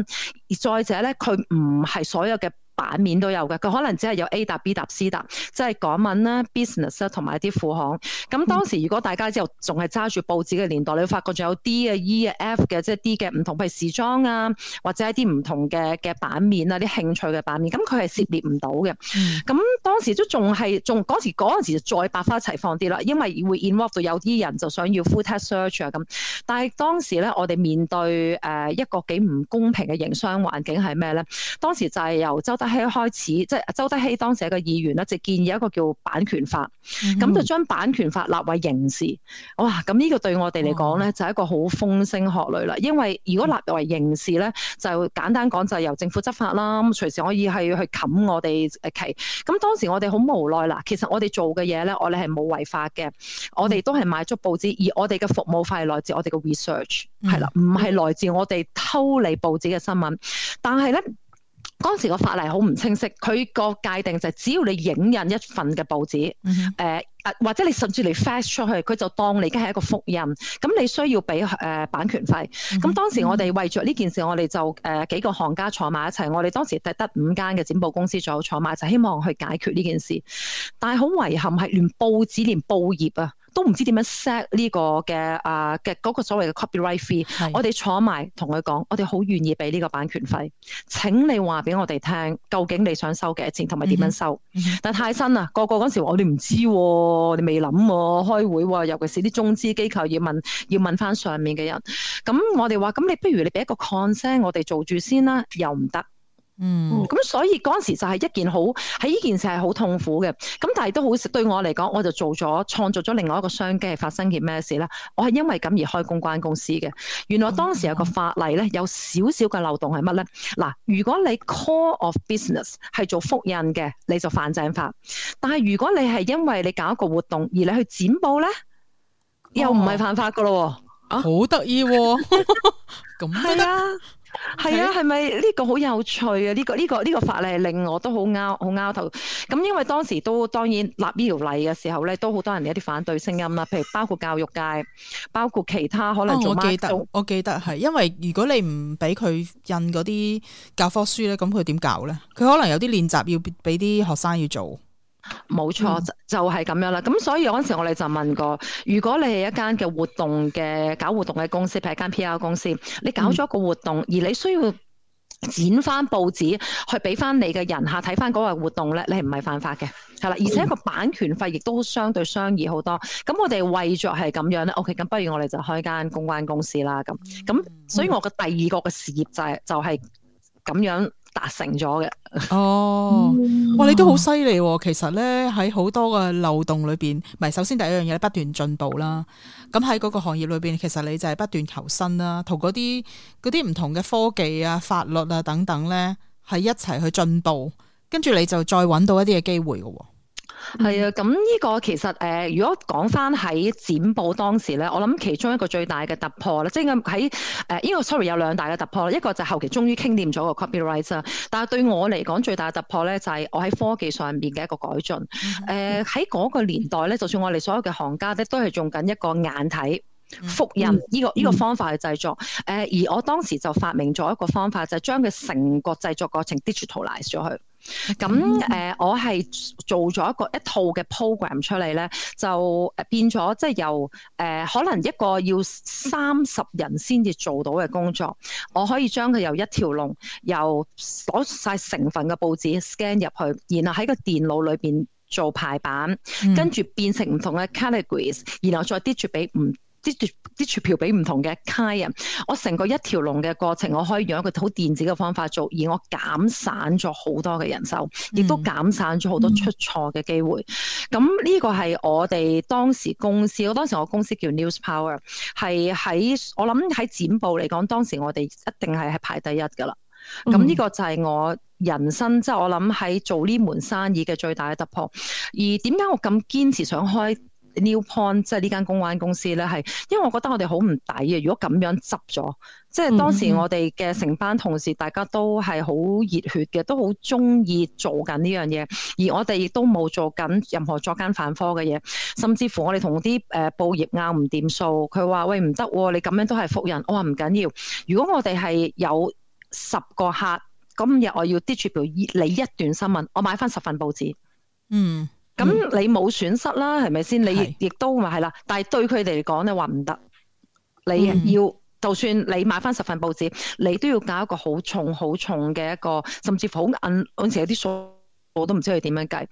而再者咧，佢唔係所有嘅版面都有嘅，佢可能只係有 A 搭 B 搭 C 搭，即係港文啦、啊、 [noise] business 啦同埋一啲副行。咁當時如果大家之後仲係揸住報紙嘅年代，你會發覺仲有 D 啊 E 嘅、F 嘅，即係 D 嘅唔同，譬如時裝啊，或者一啲唔同嘅嘅版面啊，啲興趣嘅版面，咁佢係涉獵唔到嘅。咁 [noise] 當時都仲係仲嗰時嗰陣時再百花齊放啲啦，因為會 involve 到有啲人就想要 full-text search 啊咁。但係當時咧，我哋面對誒一個幾唔公平嘅營商環境係咩咧？當時就係由周喺開始，即係周德熙當時一個議員啦，就建議一個叫版權法，咁、mm hmm. 就將版權法立為刑事。哇！咁呢個對我哋嚟講咧，mm hmm. 就一個好風聲鶴唳啦。因為如果立為刑事咧，就簡單講就由政府執法啦，咁隨時可以係去冚我哋誒期。咁當時我哋好無奈啦。其實我哋做嘅嘢咧，我哋係冇違法嘅，mm hmm. 我哋都係買足報紙，而我哋嘅服務費係來自我哋嘅 research，係啦、mm，唔、hmm. 係來自我哋偷你報紙嘅新聞。但係咧。嗰陣時個法例好唔清晰，佢個界定就係只要你影印一份嘅報紙，誒、嗯哼呃、或者你甚至嚟 fax 出去，佢就當你已經係一個複印，咁你需要俾誒、呃、版權費。咁當時我哋為咗呢件事，我哋就誒、呃、幾個行家坐埋一齊，我哋當時得得五間嘅展報公司喺度坐埋，就希望去解決呢件事。但係好遺憾係連報紙連報業啊！都唔知點樣 set 呢、這個嘅啊嘅嗰、那個所謂嘅 copyright fee，是我哋坐埋同佢講，我哋好願意俾呢個版權費。請你話俾我哋聽，究竟你想收幾多錢，同埋點樣收？嗯、哼但太新啦，個個嗰時我哋唔知，我哋未諗，開會喎、啊。尤其是啲中資機構要問，要問翻上面嘅人。咁我哋話，咁你不如你俾一個 concern，我哋做住先啦，又唔得。嗯，咁、嗯、所以嗰時就係一件好喺呢件事係好痛苦嘅，咁但係都好對我嚟講，我就做咗創造咗另外一個商機，係發生件咩事咧？我係因為咁而開公關公司嘅。原來當時有個法例咧，有少少嘅漏洞係乜咧？嗱，如果你 core of business 係做複印嘅，你就犯正法。但係如果你係因為你搞一個活動而你去剪報咧，又唔係犯法噶咯？好得意，咁係啊。係啊，係咪呢個好有趣啊？呢、這個呢、這個呢、這個法例令我都好拗，好拗頭。咁因為當時都當然立呢條例嘅時候咧，都好多人有啲反對聲音啦。譬如包括教育界，包括其他可能、哦、我記得，做我記得係，因為如果你唔俾佢印嗰啲教科書咧，咁佢點搞咧？佢可能有啲練習要俾啲學生要做。冇錯，錯嗯、就就係咁樣啦。咁所以嗰陣時我哋就問過，如果你係一間嘅活動嘅搞活動嘅公司，譬如一間 PR 公司，你搞咗一個活動，而你需要剪翻報紙去俾翻你嘅人客睇翻嗰個活動咧，你係唔係犯法嘅？係啦，而且個版權費亦都相對商議好多。咁我哋為咗係咁樣咧，OK，咁不如我哋就開間公關公司啦。咁咁，所以我嘅第二個嘅事業就係、是、就係、是、咁樣。達成咗嘅，哦，嗯、哇！你都好犀利喎。其實咧喺好多嘅漏洞裏邊，唔係首先第一樣嘢不斷進步啦。咁喺嗰個行業裏邊，其實你就係不斷求新啦，同嗰啲啲唔同嘅科技啊、法律啊等等咧，係一齊去進步，跟住你就再搵到一啲嘅機會嘅、哦。係啊，咁呢個其實誒，如果講翻喺展布當時咧，我諗其中一個最大嘅突破咧，即係喺誒，呢個 sorry 有兩大嘅突破，一個就係後期終於傾掂咗個 copyright 啦，但係對我嚟講最大突破咧，就係我喺科技上邊嘅一個改進。誒、嗯，喺嗰，呃，個年代咧，就算我哋所有嘅行家咧，都係用緊一個眼睇。複印呢個呢個方法去製作，誒、嗯嗯、而我當時就發明咗一個方法，就是、將佢成個製作過程 digitalize 咗佢。咁誒、嗯呃，我係做咗一個一套嘅 program 出嚟咧，就變咗即係由誒、呃、可能一個要三十人先至做到嘅工作，我可以將佢由一條龍，由攞晒成份嘅報紙 scan 入去，然後喺個電腦裏邊做排版，跟住變成唔同嘅 categories，然後再 digit 俾唔啲條啲條票俾唔同嘅 client，我成個一條龍嘅過程，我可以用一個好電子嘅方法做，而我減散咗好多嘅人手，亦都減散咗好多出錯嘅機會。咁呢、嗯嗯、個係我哋當時公司，我當時我公司叫 News Power，係喺我諗喺剪報嚟講，當時我哋一定係係排第一噶啦。咁呢、嗯、個就係我人生即係、就是、我諗喺做呢門生意嘅最大嘅突破。而點解我咁堅持想開 Newpoint 即係呢間公關公司咧，係因為我覺得我哋好唔抵啊！如果咁樣執咗，即係當時我哋嘅成班同事大家都係好熱血嘅，都好中意做緊呢樣嘢，而我哋亦都冇做緊任何作奸犯科嘅嘢，甚至乎我哋同啲誒報業拗唔掂數，佢話，喂，唔得喎，你咁樣都係服人。我話唔緊要，如果我哋係有十個客，今日我要 distribute 你一段新聞，我買翻十份報紙。嗯。咁、嗯、你冇損失啦，係咪先？你亦是都咪係啦，但係對佢哋嚟講咧話唔得。你要、嗯、就算你買翻十份報紙，你都要搞一個好重、好重嘅一個，甚至乎好暗，嗰陣時有啲數我都唔知佢點樣計。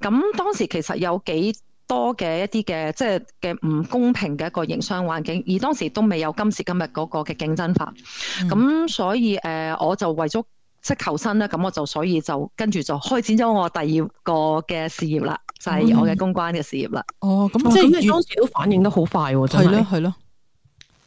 咁當時其實有幾多嘅一啲嘅即係嘅唔公平嘅一個營商環境，而當時都未有今時今日嗰個嘅競爭法。咁、嗯、所以誒、呃，我就為咗。即求生咧，咁我就所以就跟住就開展咗我第二個嘅事業啦，就係、是、我嘅公關嘅事業啦、嗯。哦，咁、嗯、即係當時都反應得好快喎、啊，真係。係咯，係咯。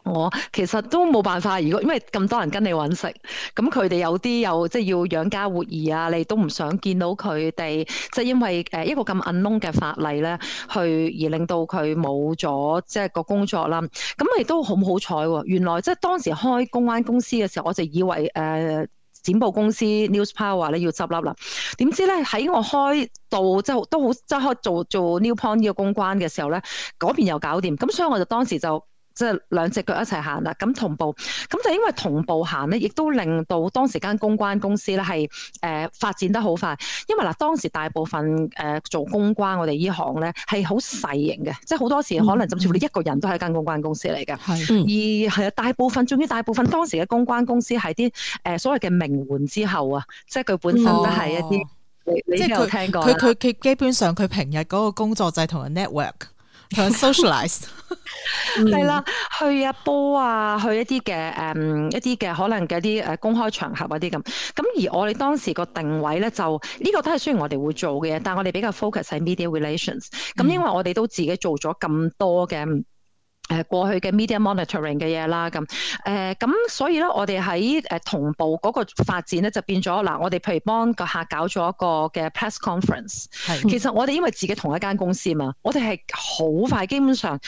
我、哦、其實都冇辦法，如果因為咁多人跟你搵食，咁佢哋有啲有即係要養家活兒啊，你都唔想見到佢哋，即係因為誒一個咁暗窿嘅法例咧，去而令到佢冇咗即係個工作啦。咁亦都好唔好彩喎？原來即係當時開公關公司嘅時候，我就以為誒。呃剪報公司 News Power 咧要執笠啦，點知咧喺我開到即係都好即係開做做 New Point 呢個公關嘅時候咧，嗰邊又搞掂，咁所以我就當時就。即係兩隻腳一齊行啦，咁同步，咁就因為同步行咧，亦都令到當時間公關公司咧係誒發展得好快，因為嗱當時大部分誒、呃、做公關我，我哋呢行咧係好細型嘅，即係好多時可能甚至乎你一個人都係一間公關公司嚟嘅，嗯、而係大部分，仲要大部分當時嘅公關公司係啲誒所謂嘅名媛之後啊，即係佢本身都係一啲，哦、你即係佢聽過，佢佢佢基本上佢平日嗰個工作就係同人 network。socialize 係啦，去啊波啊，去一啲嘅誒，一啲嘅可能嘅一啲誒公開場合啲咁。咁而我哋當時個定位咧，就、這、呢個都係雖然我哋會做嘅，但係我哋比較 focus 喺 media relations。咁因為我哋都自己做咗咁多嘅。誒過去嘅 media monitoring 嘅嘢啦，咁誒咁所以咧，我哋喺誒同步嗰個發展咧，就變咗嗱、呃，我哋譬如幫個客搞咗一個嘅 press conference，係的其實我哋因為自己同一間公司嘛，我哋係好快，基本上、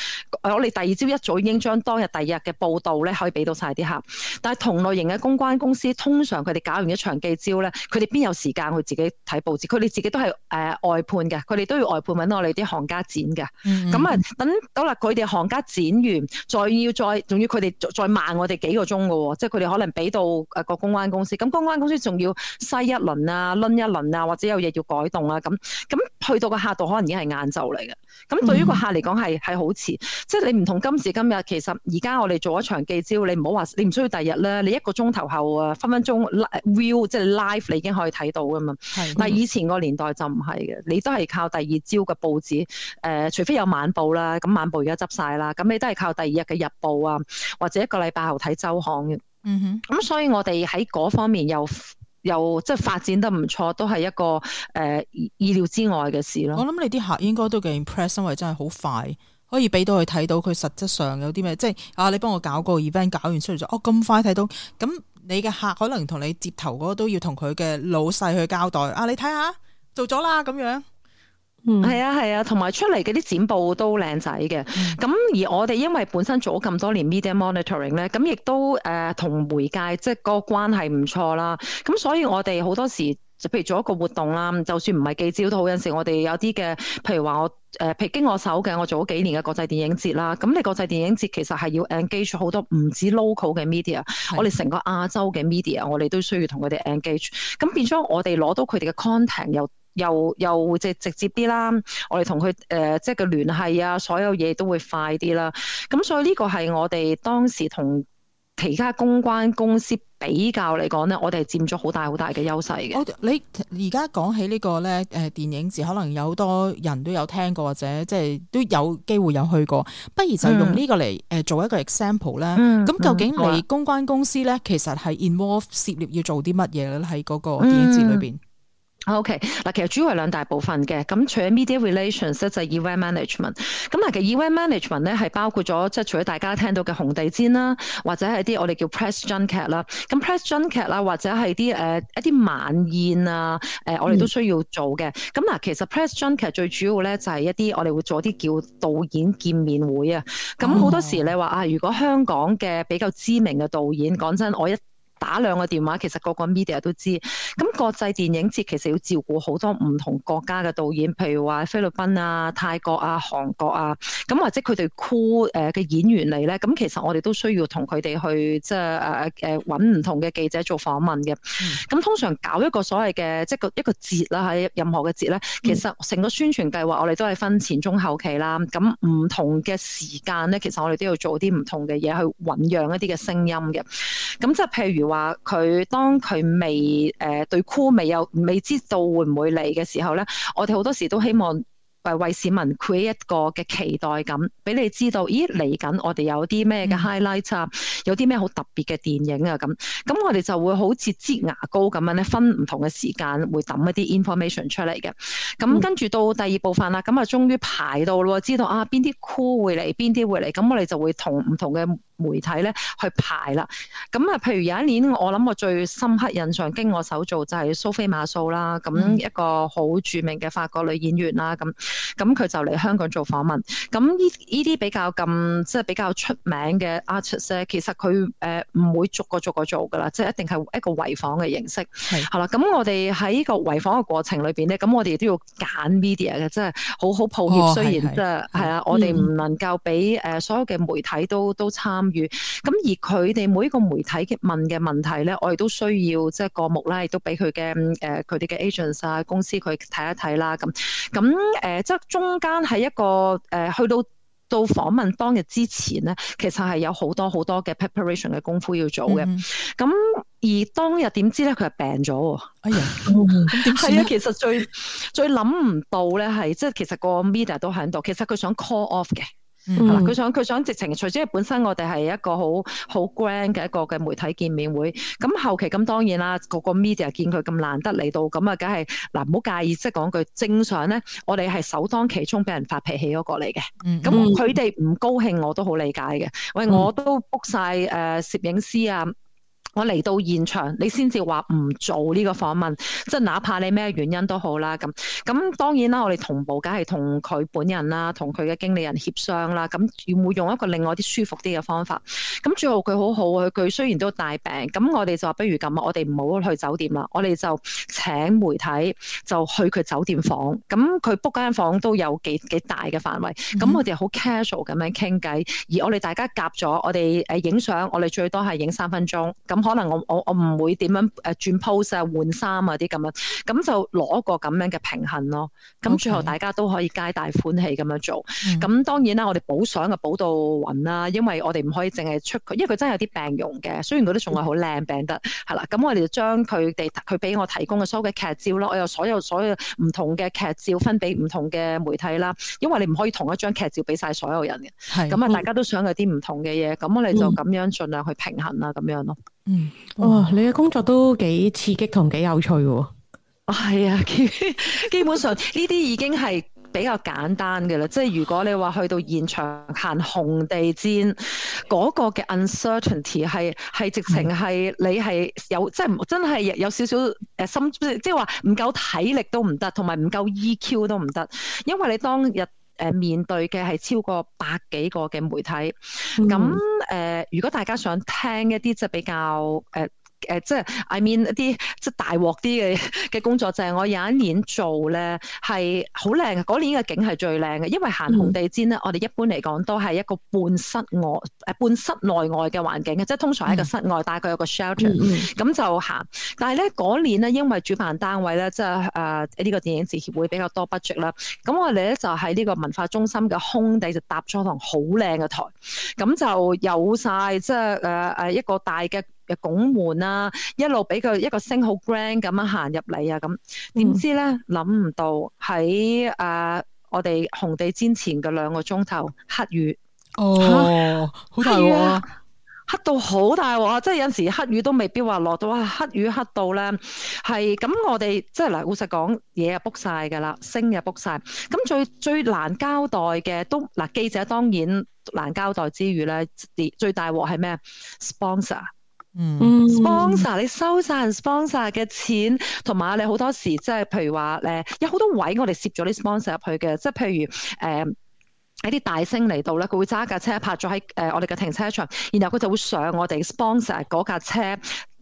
呃、我哋第二朝一早已經將當日第二日嘅報道咧，可以俾到晒啲客。但係同類型嘅公關公司，通常佢哋搞完一場記招會咧，佢哋邊有時間去自己睇報紙？佢哋自己都係誒、呃、外判嘅，佢哋都要外判搵我哋啲行家剪嘅。咁啊、嗯嗯，等到啦，佢哋行家剪。演員再要再仲要佢哋再慢我哋幾個鐘㗎喎，即係佢哋可能俾到誒個公關公司，咁公關公司仲要篩一輪啊，輪一輪啊，或者有嘢要改動啊，咁咁去到個客度可能已經係晏晝嚟嘅，咁對於個客嚟講係係好遲，即係你唔同今時今日，其實而家我哋做一場記招，你唔好話你唔需要第日咧，你一個鐘頭後啊，分分鐘 view 即係 live 你已經可以睇到噶嘛。的但係以前個年代就唔係嘅，你都係靠第二朝嘅報紙誒、呃，除非有晚報啦，咁晚報而家執晒啦，咁都係靠第二日嘅日報啊，或者一個禮拜後睇週刊嘅。嗯哼，咁、嗯、所以我哋喺嗰方面又又即係發展得唔錯，都係一個誒、呃、意料之外嘅事咯。我諗你啲客應該都幾 impress，因為真係好快可以俾到佢睇到佢實質上有啲咩，即係啊，你幫我搞個 event，搞完出嚟就哦咁快睇到。咁你嘅客可能同你接頭嗰個都要同佢嘅老細去交代啊，你睇下做咗啦咁樣。嗯，係啊，係啊，同埋出嚟嗰啲剪報都靚仔嘅。咁、嗯、而我哋因為本身做咗咁多年 media monitoring 咧，咁亦都誒同媒介即係、就是、個關係唔錯啦。咁所以我哋好多時，譬如做一個活動啦，就算唔係記招都好，有陣時我哋有啲嘅，譬如話我誒、呃，譬如經我手嘅，我做咗幾年嘅國際電影節啦。咁你國際電影節其實係要 engage 好多唔止 local 嘅 media，的我哋成個亞洲嘅 media，我哋都需要同佢哋 engage。咁變咗我哋攞到佢哋嘅 content 又。又又會直直接啲啦，我哋同佢誒即係個聯繫啊，所有嘢都會快啲啦。咁所以呢個係我哋當時同其他公關公司比較嚟講咧，我哋係佔咗好大好大嘅優勢嘅。哦。你而家講起個呢個咧誒電影節，可能有好多人都有聽過或者即係都有機會有去過，不如就用呢個嚟誒做一個 example 啦。咁、嗯、究竟你公關公司咧，嗯嗯、其實係 involve 涉獵要做啲乜嘢咧？喺嗰個電影節裏邊？嗯 OK 嗱，其實主要係兩大部分嘅，咁除咗 media relations 咧就係 event management，咁嗱其實 event management 咧係包括咗即係除咗大家聽到嘅紅地氈啦，或者係啲我哋叫 press junket、er, 啦，咁 press junket、er, 啦或者係啲誒一啲、呃、晚宴啊，誒、呃、我哋都需要做嘅，咁嗱、嗯、其實 press junket、er、最主要咧就係一啲我哋會做啲叫導演見面會啊，咁好多時你話啊，如果香港嘅比較知名嘅導演，講真我一打兩個電話，其實個個 media 都知。咁國際電影節其實要照顧好多唔同國家嘅導演，譬如話菲律賓啊、泰國啊、韓國啊，咁或者佢哋酷誒嘅演員嚟咧。咁其實我哋都需要、呃、同佢哋去即係誒誒揾唔同嘅記者做訪問嘅。咁、嗯、通常搞一個所謂嘅即係一個節啦，喺任何嘅節咧，其實成個宣傳計劃我哋都係分前中後期啦。咁唔同嘅時間咧，其實我哋都要做啲唔同嘅嘢去醞釀一啲嘅聲音嘅。咁即係譬如，話佢當佢未誒、呃、對 crew 未有未知道會唔會嚟嘅時候咧，我哋好多時都希望為市民 create 一個嘅期待感，俾你知道，咦嚟緊我哋有啲咩嘅 highlight 啊，有啲咩好特別嘅電影啊咁，咁我哋就會好似擠牙膏咁樣咧，分唔同嘅時間會抌一啲 information 出嚟嘅。咁跟住到第二部分啦，咁啊終於排到咯，知道啊邊啲 crew 會嚟，邊啲會嚟，咁我哋就會同唔同嘅。媒體咧去排啦，咁啊，譬如有一年我諗我最深刻印象經我手做就係、是、蘇菲瑪索啦，咁、啊、一個好著名嘅法國女演員啦，咁咁佢就嚟香港做訪問，咁呢依啲比較咁、嗯、即係比較出名嘅 artist，其實佢誒唔會逐個逐個做噶啦，即係一定係一個圍訪嘅形式。係是，好啦，咁、嗯嗯啊、我哋喺呢個圍訪嘅過程裏邊咧，咁我哋都要揀 media 嘅，即係好好抱歉，哦、雖然即係係啊，我哋唔能夠俾誒所有嘅媒體都都參。嗯與咁而佢哋每一個媒體問嘅問題咧，我哋都需要即係過目、呃啊、看看啦，亦都俾佢嘅誒佢哋嘅 agents 啊公司佢睇一睇啦咁咁誒，即係中間喺一個誒、呃、去到到訪問當日之前咧，其實係有好多好多嘅 preparation 嘅功夫要做嘅。咁、嗯嗯、而當日點知咧，佢係病咗。哎呀，係、嗯、啊， [laughs] 其實最最諗唔到咧，係即係其實個 media 都喺度，其實佢想 call off 嘅。佢、mm hmm. 想佢想直情，除咗係本身我哋係一個好好 grand 嘅一個嘅媒體見面會，咁後期咁當然啦，個個 media 見佢咁難得嚟到，咁啊，梗係嗱唔好介意，即係講句正常咧，我哋係首當其衝俾人發脾氣嗰個嚟嘅。咁佢哋唔高興我都好理解嘅。喂，我都 book 晒誒攝影師啊！Mm hmm. 我嚟到現場，你先至話唔做呢個訪問，即係哪怕你咩原因都好啦。咁咁當然啦，我哋同步梗係同佢本人啦，同佢嘅經理人協商啦。咁要會用一個另外啲舒服啲嘅方法。咁最後佢好好，佢雖然都帶病，咁我哋就話不如咁，我哋唔好去酒店啦，我哋就請媒體就去佢酒店房。咁佢 book 間房都有幾幾大嘅範圍。咁我哋好 casual 咁樣傾偈，而我哋大家夾咗，我哋誒影相，我哋最多係影三分鐘咁。可能我我我唔會點樣誒轉 pose 啊，換衫啊、啲咁樣，咁就攞個咁樣嘅平衡咯。咁最後大家都可以皆大歡喜咁樣做。咁、嗯、當然啦，我哋補相嘅補到暈啦，因為我哋唔可以淨係出佢，因為佢真係有啲病容嘅。雖然嗰啲仲係好靚病得係、嗯、啦。咁我哋就將佢哋佢俾我提供嘅所有嘅劇照咯，我有所有所有唔同嘅劇照分俾唔同嘅媒體啦。因為你唔可以同一張劇照俾晒所有人嘅。咁啊、嗯，大家都想有啲唔同嘅嘢，咁我哋就咁樣盡量去平衡啦，咁樣咯。嗯，哇！你嘅工作都幾刺激同幾有趣喎、哦。啊、嗯，係啊，基本上呢啲已經係比較簡單嘅啦。即係如果你話去到現場行紅地氈，嗰個嘅 uncertainty 係係直情係你係有、嗯、即係真係有少少誒心，即係話唔夠體力都唔得，同埋唔夠 EQ 都唔得。因為你當日誒面對嘅係超過百幾個嘅媒體，咁誒、呃，如果大家想聽一啲即係比較誒。呃誒、呃，即係 I mean 一啲即係大鑊啲嘅嘅工作就係、是、我有一年做咧，係好靚嘅。嗰年嘅景係最靚嘅，因為行紅地氈咧，嗯、我哋一般嚟講都係一個半室外誒半室內外嘅環境嘅，即係通常係一個室外，嗯、大概有個 shelter，咁、嗯嗯、就行。但係咧嗰年咧，因為主辦單位咧即係誒呢、呃這個電影節協會比較多 budget 啦，咁我哋咧就喺呢個文化中心嘅空地就搭咗堂好靚嘅台，咁就有晒即係誒誒一個大嘅。拱門啊，一路俾佢一個星好 grand 咁樣行入嚟啊，咁點知咧諗唔到喺、呃哦、啊，我哋紅地氈前嘅兩個鐘頭黑雨哦、啊，好大、啊、黑到好大喎、啊，即係有時黑雨都未必話落到啊，黑雨黑到咧係咁，我哋即係嗱，老實講嘢又 book 曬㗎啦，星又 book 曬咁最最難交代嘅都嗱，記者當然難交代之餘咧，最大鑊係咩？sponsor。嗯，sponsor 助 [noise] 你收晒 sponsor 嘅錢，同埋你好多時即係，譬如話，誒，有好多位我哋攝咗啲 sponsor 入去嘅，即係譬如誒，一、呃、啲大星嚟到咧，佢會揸架車泊咗喺誒我哋嘅停車場，然後佢就會上我哋 sponsor 嗰架車。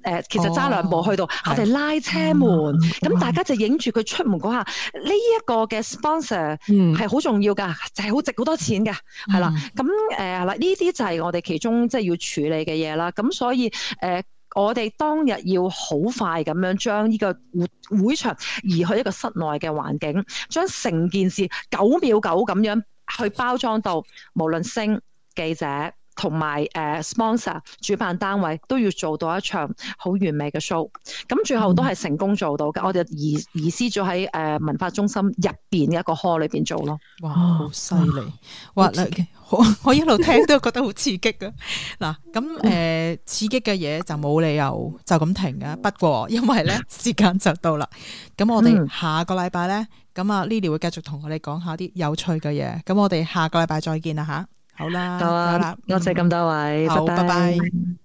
誒，其實揸兩步去到，哦、我哋拉車門，咁、嗯嗯、大家就影住佢出門嗰下，呢、這、一個嘅 sponsor 係好重要㗎，係好、嗯、值好多錢嘅，係啦。咁誒、嗯，嗱、嗯，呢、嗯、啲就係我哋其中即係要處理嘅嘢啦。咁所以誒、呃，我哋當日要好快咁樣將呢個會會場移去一個室內嘅環境，將成件事九秒九咁樣去包裝到，無論星記者。同埋誒 sponsor 主辦單位都要做到一場好完美嘅 show，咁最後都係成功做到嘅。我哋移移師咗喺誒文化中心入邊嘅一個 hall 裏邊做咯。哇，好犀利！哇，我一路聽都覺得好刺激啊！嗱， [laughs] 咁誒、呃、刺激嘅嘢就冇理由就咁停啊！不過因為咧時間就到啦，咁我哋下個禮拜咧，咁啊 Lily 會繼續同我哋講下啲有趣嘅嘢。咁我哋下個禮拜再見啦嚇。好啦，多謝咁多位，嗯、拜拜，拜拜。